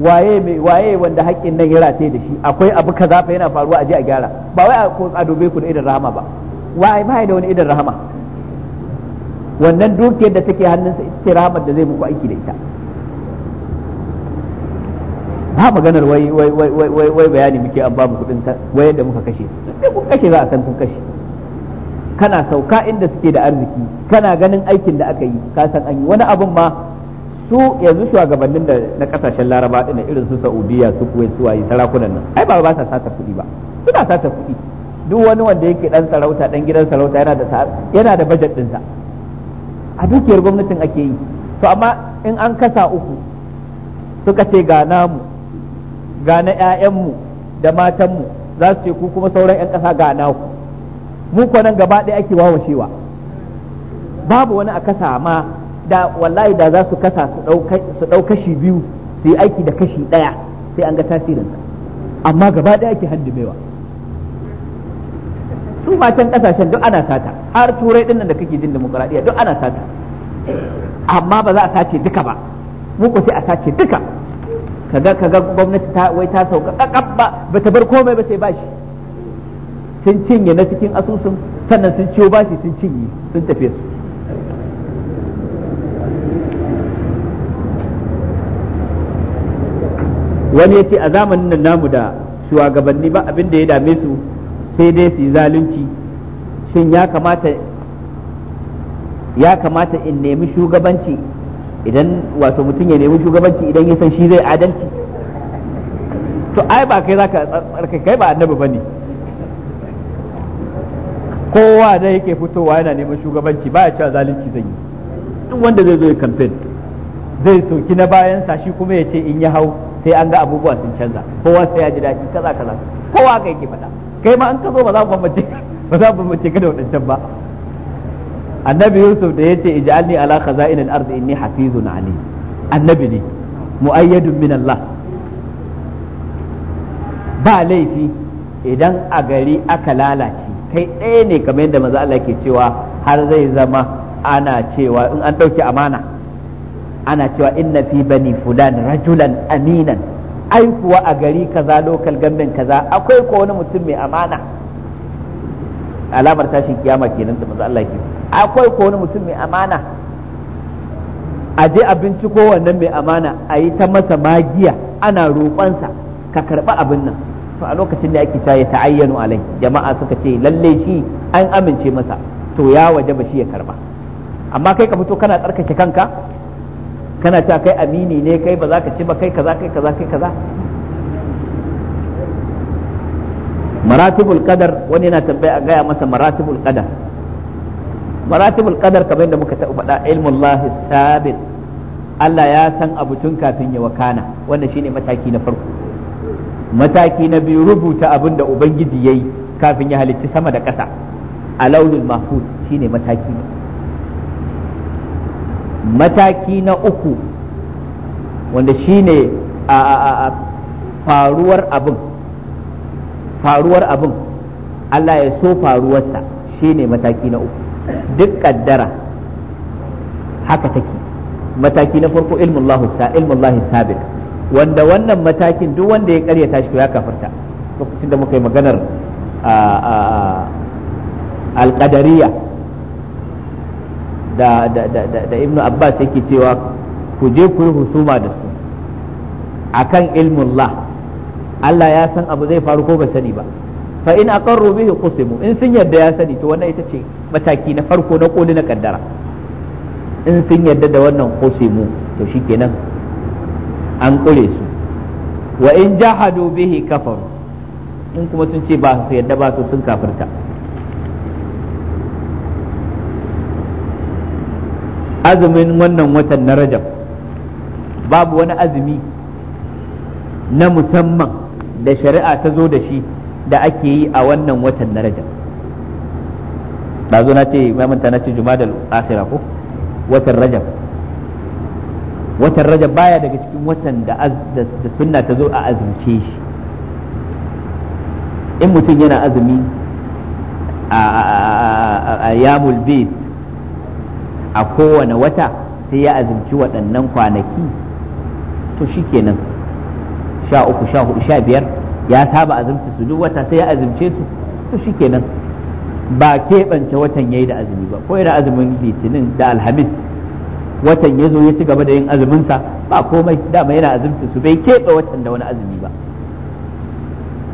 waye waye wanda haƙƙin nan ya rataye da shi akwai abu kaza fa yana faruwa a je a gyara ba wai a dobe ku da idan rahama ba wai mai da wani idan rahama wannan dukiyar da take hannunsa ita ce rahamar da zai muku aiki da ita ba maganar wai wai wai wai bayani muke an ba mu kudin wai da muka kashe sai ku kashe za a san ku kashe kana sauka inda suke da arziki kana ganin aikin da aka yi ka san an yi wani abun ma su yanzu shugabannin da na kasashen laraba ɗin irin su saudiya su kuwait su waye sarakunan nan ai ba ba sa sata kuɗi ba suna sata kuɗi duk wani wanda yake dan sarauta dan gidan sarauta yana da yana da budget sa a dukiyar gwamnatin ake yi to amma in an kasa uku suka ce ga namu ga na ƴaƴanmu da matanmu za su ce ku kuma sauran 'yan ƙasa ga naku mu ko nan gaba ɗaya ake wawashewa babu wani a kasa ma da wallahi da za su kasa su ɗau kashi biyu su yi aiki da kashi ɗaya sai an ga tasirinsa amma gaba ɗaya ake handimewa su ma can ƙasashen duk ana sata har turai ɗin da kake jin demokuraɗiyya duk ana sata amma ba za a sace duka ba mu ko sai a sace duka kaga kaga gwamnati ta wai ta sauka kakab ba bata bar komai ba sai bashi sun cinye na cikin asusun sannan sun ciyo bashi sun cinye sun tafi su wani ya ce a zamanin nan namu da shugabanni ba abin da ya dame su sai dai su yi zalunci shin ya kamata ya kamata in nemi shugabanci idan wato mutum ya nemi shugabanci idan ya san shi zai adalci to ai ba kai zaka tsarkai kai ba annabi bane kowa da yake fitowa yana neman shugabanci ba ya cewa zalunci zai yi duk wanda zai zo ya campaign zai soki na bayan sa shi kuma ya ce in ya hau sai an ga abubuwa sun canza kowa sai ya ji daɗi kaza kaza kowa ga yake faɗa kai ma an ka zo ba za mu bambance ba za ku bambance ka da waɗancan ba annabi yusuf da yace ij'alni ala khaza'in al-ard inni hafizun ali annabi ne muayyadun min Allah ba laifi idan a gari aka lalace kai ɗaya ne kamar yadda manzo Allah ke cewa har zai zama ana cewa in an ɗauki amana ana cewa inna fi bani fulan rajulan aminan ai kuwa a gari kaza lokal gambin kaza akwai ko wani mutum mai amana alamar tashin kiyama kenan da manzo Allah ke akwai ko wani mutum mai amana a je abinci binciko wannan mai amana a yi ta masa magiya ana roƙonsa ka karɓi abin nan to a lokacin da ake ya ayyano alai jama'a suka ce lalle shi an amince masa to ya waje ba shi ya karba amma kai ka fito kana tsarkake kanka kana cewa kai amini ne kai ba za ka ci ba kai kaza kai kaza kai kaza maratibul qadar wani yana tambaya a gaya masa maratibul qadar maratibul ƙadar kamar yadda muka taɓa faɗa ilmun lahi sabit Allah ya san abu kafin ya wakana wannan shine mataki na farko mataki na biyu rubuta abin da ubangiji yayi kafin ya halicci sama da ƙasa a launin mahfuz shine mataki na uku wanda shine a faruwar abin faruwar abin Allah ya so faruwarsa shine mataki na uku duk kaddara haka take mataki na farko ilmu Allah sabit wanda wannan matakin duk wanda ya karya tashi ko ya kafarta lokacin da muka yi maganar alkadariya da ibnu abbas yake cewa ku je ku husuma da su akan ilmu Allah Allah ya san abu zai faru ko ba sani ba fa in aqarru bihi qusimu in sun yarda ya sani to wannan ita ce mataki na farko na koli na kaddara in sun yarda da wannan mu. to shi kenan an ƙure su wa in jahadu bihi kafaru in kuma sun ce ba su yarda ba su sun kafirta azumin wannan watan na rajab babu wani azumi na musamman da shari'a ta zo da shi da ake yi a wannan watan na rajab ɗazu na ce mamanta na ce jumadal akhira ko watan rajab watan rajab baya daga cikin watan da sunna ta zo a azumce shi in mutum yana azumi a yamul bid a kowane wata sai ya azumci waɗannan kwanaki to shikenan sha uku sha hudu sha biyar ya saba azumci su duk wata sai ya azumce su to shikenan. ba keɓance watan yayi da azumi ba ko yana azumin litinin da alhamis watan ya zo ya ci gaba da yin azuminsa ba komai dama yana azumta su bai keɓe watan da wani azumi ba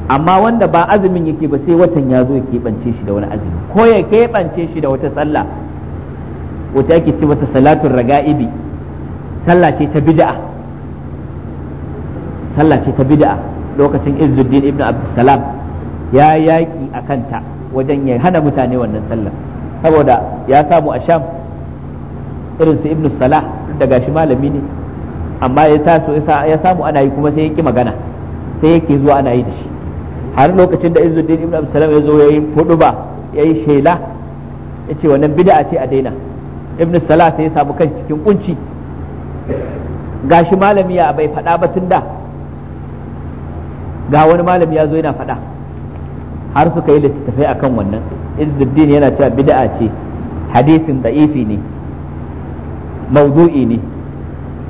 amma wanda ba azumin yake ba sai watan ya zo ya keɓance shi da wani azumi ko ya keɓance shi da wata sallah wata ake ci wata salatun raga'ibi sallah ce ta bid'a sallah ce ta bid'a lokacin Izzuddin ibn Abdussalam ya yaki a kanta wajen ya hana mutane wannan sallar saboda ya samu a sham irin su ibnu salah daga shi malami ne amma ya taso ya samu ana yi kuma sai ya ki magana sai ke zuwa ana yi da shi har lokacin da izuddin ibn abdulsalam ya zo ya yi huduba ya yi shela ya ce wannan bid'a ce a daina ibn salah sai ya samu kan cikin kunci gashi malami ya bai fada ba tunda ga wani malami ya zo yana fada. har suka yi littattafai kan wannan izzuddin yana cewa bid'a ce hadisin da'ifi ne mawdu'i ne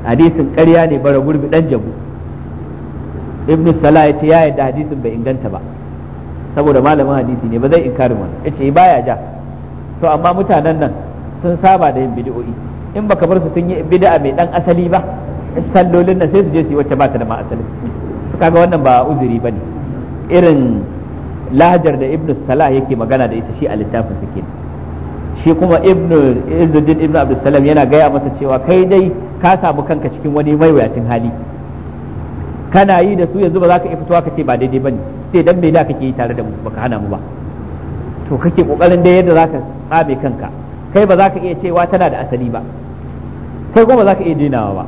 hadisin ƙarya ne bara gurbi dan jabu ibn salah ya ce ya yadda hadisin bai inganta ba saboda malamin hadisi ne ba zai inkarin wannan ya ce baya ja to amma mutanen nan sun saba da yin bid'o'i in baka bar su sun yi bid'a mai dan asali ba sallolin nan sai su je su yi wacce ba ta da ma asali kaga wannan ba uzuri bane irin lahajar da ibnu salah yake magana da ita shi a littafin suke shi kuma ibnu izuddin ibnu abdussalam yana gaya masa cewa kai dai ka samu kanka cikin wani maiwayacin hali kana yi da su yanzu ba za ka iya fitowa ka ce ba daidai ba su ce dan me da kake yi tare da mu baka hana mu ba to kake kokarin dai yadda zaka tsame kanka kai ba za ka iya cewa tana da asali ba kai kuma ba za ka iya dinawa ba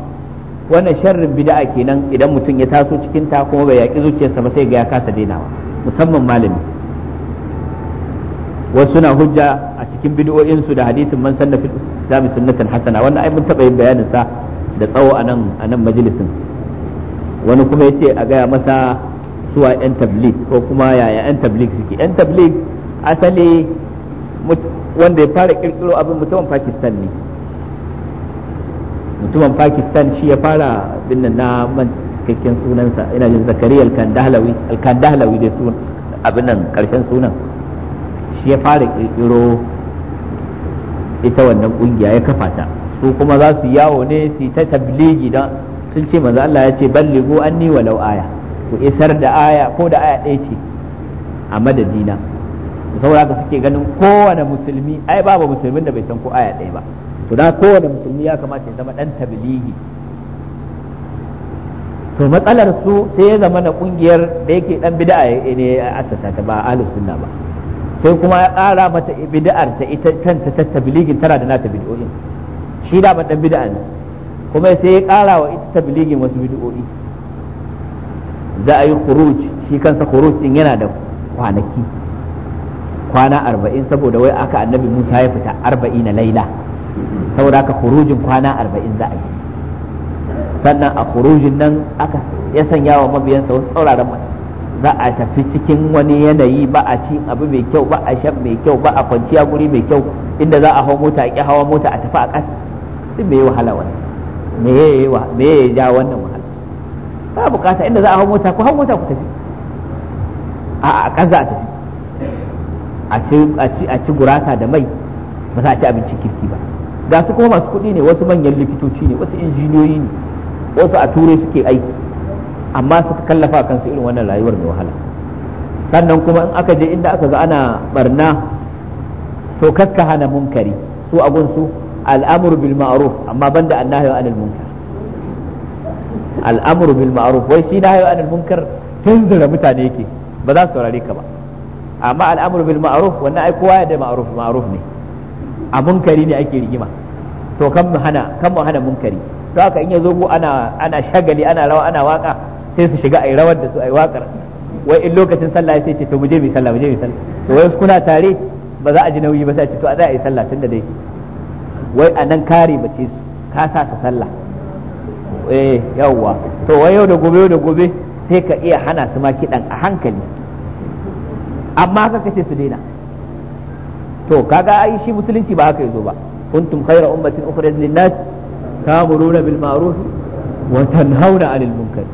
wannan sharrin bida'a kenan idan mutum ya taso cikin ta kuma bai yaƙi zuciyarsa ba sai ga ya kasa dinawa musamman malami wasu na hujja a cikin bidiyoyinsu da hadisin man sanna fil islam sunnatan hasana wannan ai mun taba yin bayanin sa da tsawo a nan a nan majalisin wani kuma yace a gaya masa suwa yan tabligh ko kuma yaya yan tabligh suke yan tabligh asali wanda ya fara kirkiro abin mutumin Pakistan ne mutumin Pakistan shi ya fara binnan na cikakken sunansa ina jin zakariya al-kandahlawi al-kandahlawi dai sun abin nan karshen sunan shi ya fara kirkiro ita wannan kungiya ya kafa ta su kuma za su yawo ne su ta tabligi da sun ce manzo Allah ya ce ballighu anni walau aya ku isar da aya ko da aya ɗaya ce a madadina saboda haka suke ganin kowane musulmi ai babu musulmin da bai san ko aya ɗaya ba to da kowane musulmi ya kamata ya zama dan tabligi to matsalar su sai ya zama na kungiyar da yake dan bid'a ne a asasa ta ba ahlus sunna ba sai kuma ya ƙara mata bid'ar ta ita kanta ta tabligin tara da nata bid'o'in shi da ban dan bid'a ne kuma sai ya ƙara wa ita tabligin wasu bid'o'i za a yi khuruj shi kansa khuruj din yana da kwanaki kwana arba'in saboda wai aka annabi Musa ya fita arba'ina laila saboda haka khurujin kwana arba'in za a yi sannan a kurujin nan aka ya sanya wa mabiyansa wasu tsauraran mata za a tafi cikin wani yanayi ba a ci abu mai kyau ba a shan mai kyau ba a kwanciya guri mai kyau inda za a hau mota a ƙi hawa mota a tafi a ƙasa duk me wahala wannan me ya ja wannan wahala ba bukata inda za a hau mota ku hau mota ku tafi a a ƙasa za a tafi a ci gurasa da mai ba za a ci abincin kirki ba ga su kuma masu kuɗi ne wasu manyan likitoci ne wasu injiniyoyi ne wasu a turai suke aiki amma suka kallafa kansu irin wannan rayuwar mai wahala sannan kuma in aka je inda aka ga ana barna to kaska hana munkari su a gunsu al'amuru bil ma'ruf amma banda annahi wa anil munkar al'amuru bil ma'ruf wai shi nahi wa anil munkar tunzura mutane yake ba za su saurare ka ba amma al'amuru bil ma'ruf wannan ai kowa ya da ma'ruf ma'ruf ne a munkari ne ake rigima to kan mu hana kan mu hana munkari to haka in ya zo mu ana ana shagali ana rawa ana waka sai su shiga ai rawar da su ai wakar wai in lokacin sallah sai ce to mu je mu sallah mu je mu sallah to wai kuna tare ba za a ji nauyi ba sai ce to a za a yi sallah tunda dai wai a nan kare ba ce ka sa ka sallah eh yawwa to wai yau da gobe yau da gobe sai ka iya hana su ma kidan a hankali amma haka kace su daina to kaga ai shi musulunci ba haka yazo ba kuntum khayra ummatin ukhrijat lin-nas تامرون بالمعروف وتنهون عن المنكر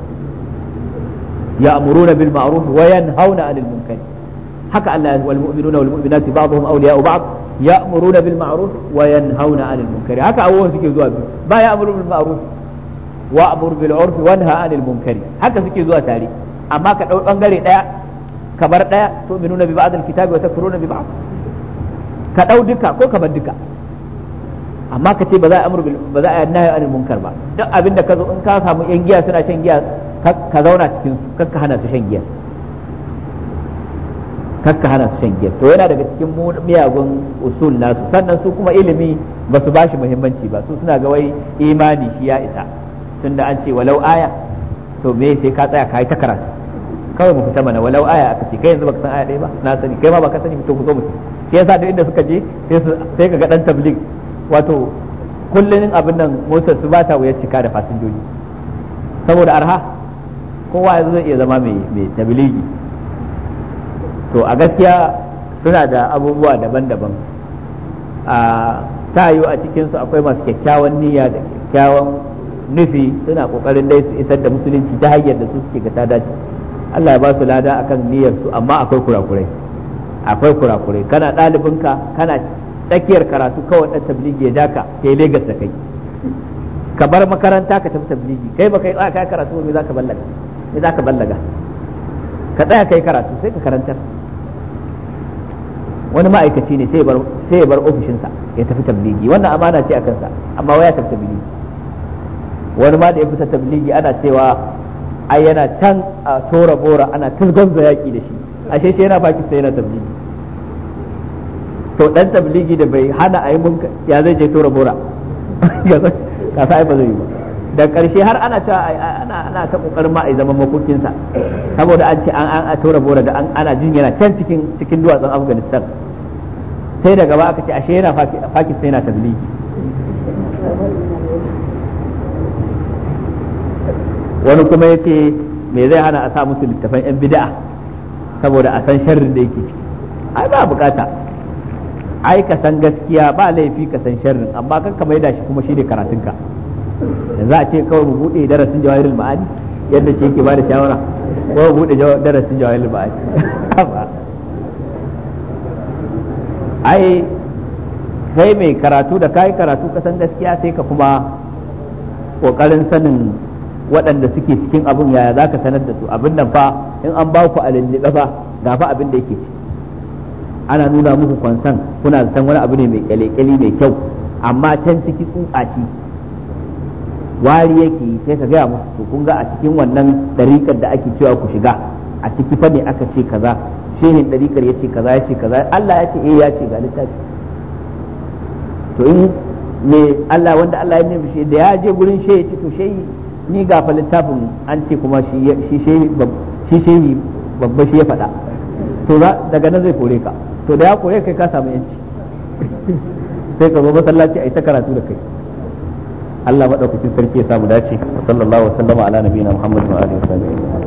يأمرون بالمعروف وينهون عن المنكر حكى الله والمؤمنون والمؤمنات بعضهم أولياء بعض يأمرون بالمعروف وينهون عن المنكر هكا أول سكي زوا ما يأمرون بالمعروف وأمر بالعرف وانهى عن المنكر هكا سكي زوا تاري أما كان أنقري دايا كبر دايا تؤمنون ببعض الكتاب وتكفرون ببعض كدو دكا كو كبر دكا amma ka ce ba za a amur ba za a yi anil munkar ba duk abin da ka zo in ka samu yan giya suna shan giya ka zauna cikin su kakka hana su shan giya kakka hana su shan giya to yana daga cikin miyagun usul nasu sannan su kuma ilimi ba su bashi muhimmanci ba su suna ga wai imani shi ya isa tunda an ce walau aya to me sai ka tsaya yi ta karatu kawai mu fita mana walau aya aka ce kai yanzu baka san aya ɗaya ba na sani kai ma baka sani to ku zo mu shi yasa duk inda suka je sai ka ga dan tabligh wato kullun abin nan motar su ba ta wuyar cika da fasinjoji saboda arha kowa ya zai iya zama mai tabiligi to a gaskiya suna da abubuwa daban-daban a tayo a cikinsu akwai masu kyakkyawan niyya da kyakkyawan nufi suna kokarin dai su isar da musulunci ta hanyar da su suke ga ta dace Allah ya ba su lada akan niyyar su amma akwai kurakurai akwai kurakurai kana ɗalibinka kana tsakiyar karatu kawai ɗan tabligi ya daka kai Lagos da kai ka bar makaranta ka tafi tabligi kai ba kai tsaya kai karatu ba me ka ballaga me ka ballaga ka tsaya kai karatu sai ka karantar wani ma'aikaci ne sai ya bar ofishinsa ya tafi tabligi wannan amana ce a kansa amma waya tafi tabligi wani ma da ya fita tabligi ana cewa ai yana can a tora bora ana gwanza yaki da shi ashe shi yana pakistan yana tabligi to dan tabligi da bai hana a yi ya zai je tura bora ka sai ba zai yi da ƙarshe har ana ta ana ana ta kokarin ma a zaman makokinsa saboda an ce an an tura bora da an ana jin yana can cikin cikin duwatsun Afghanistan sai da ba aka ce ashe yana Pakistan yana tabligi wani kuma ya ce me zai hana a sa musu littafan yan bid'a saboda a san sharrin da yake ciki ai ba bukata ai ka san gaskiya ba laifi ka san sharrin amma kan ka maida shi kuma shine karatunka yanzu a ce kawai mu bude darasin jawahirul ma'ani yadda shi yake bada shawara ko mu bude darasin jawahirul ma'ani ai kai mai karatu da kai karatu ka san gaskiya sai ka kuma kokarin sanin waɗanda suke cikin abun yaya zaka sanar da su abin nan fa in an ba ku a lullube fa ga fa abin da yake ciki ana nuna muku kwansan kuna san wani abu ne mai kyale-kyale mai kyau amma can ciki tsutsa ce wari yake sai ka gaya musu to kun ga a cikin wannan dariƙar da ake cewa ku shiga a ciki fa ne aka ce kaza shehin dariƙar ya ce kaza ya ce kaza Allah ya ce eh ya ce ga littafi to in me Allah wanda Allah ya nemi shi da ya je gurin shehi ce to shehi ni ga fa littafin an ce kuma shi shehi babba shi ya faɗa to daga nan zai kore ka to da ya kore kai ka samu yanci sai ka zo masallaci a yi ta karatu da kai Allah madaukakin sarki ya samu dace sallallahu alaihi wa sallama ala nabiyina muhammadin wa alihi wa sahbihi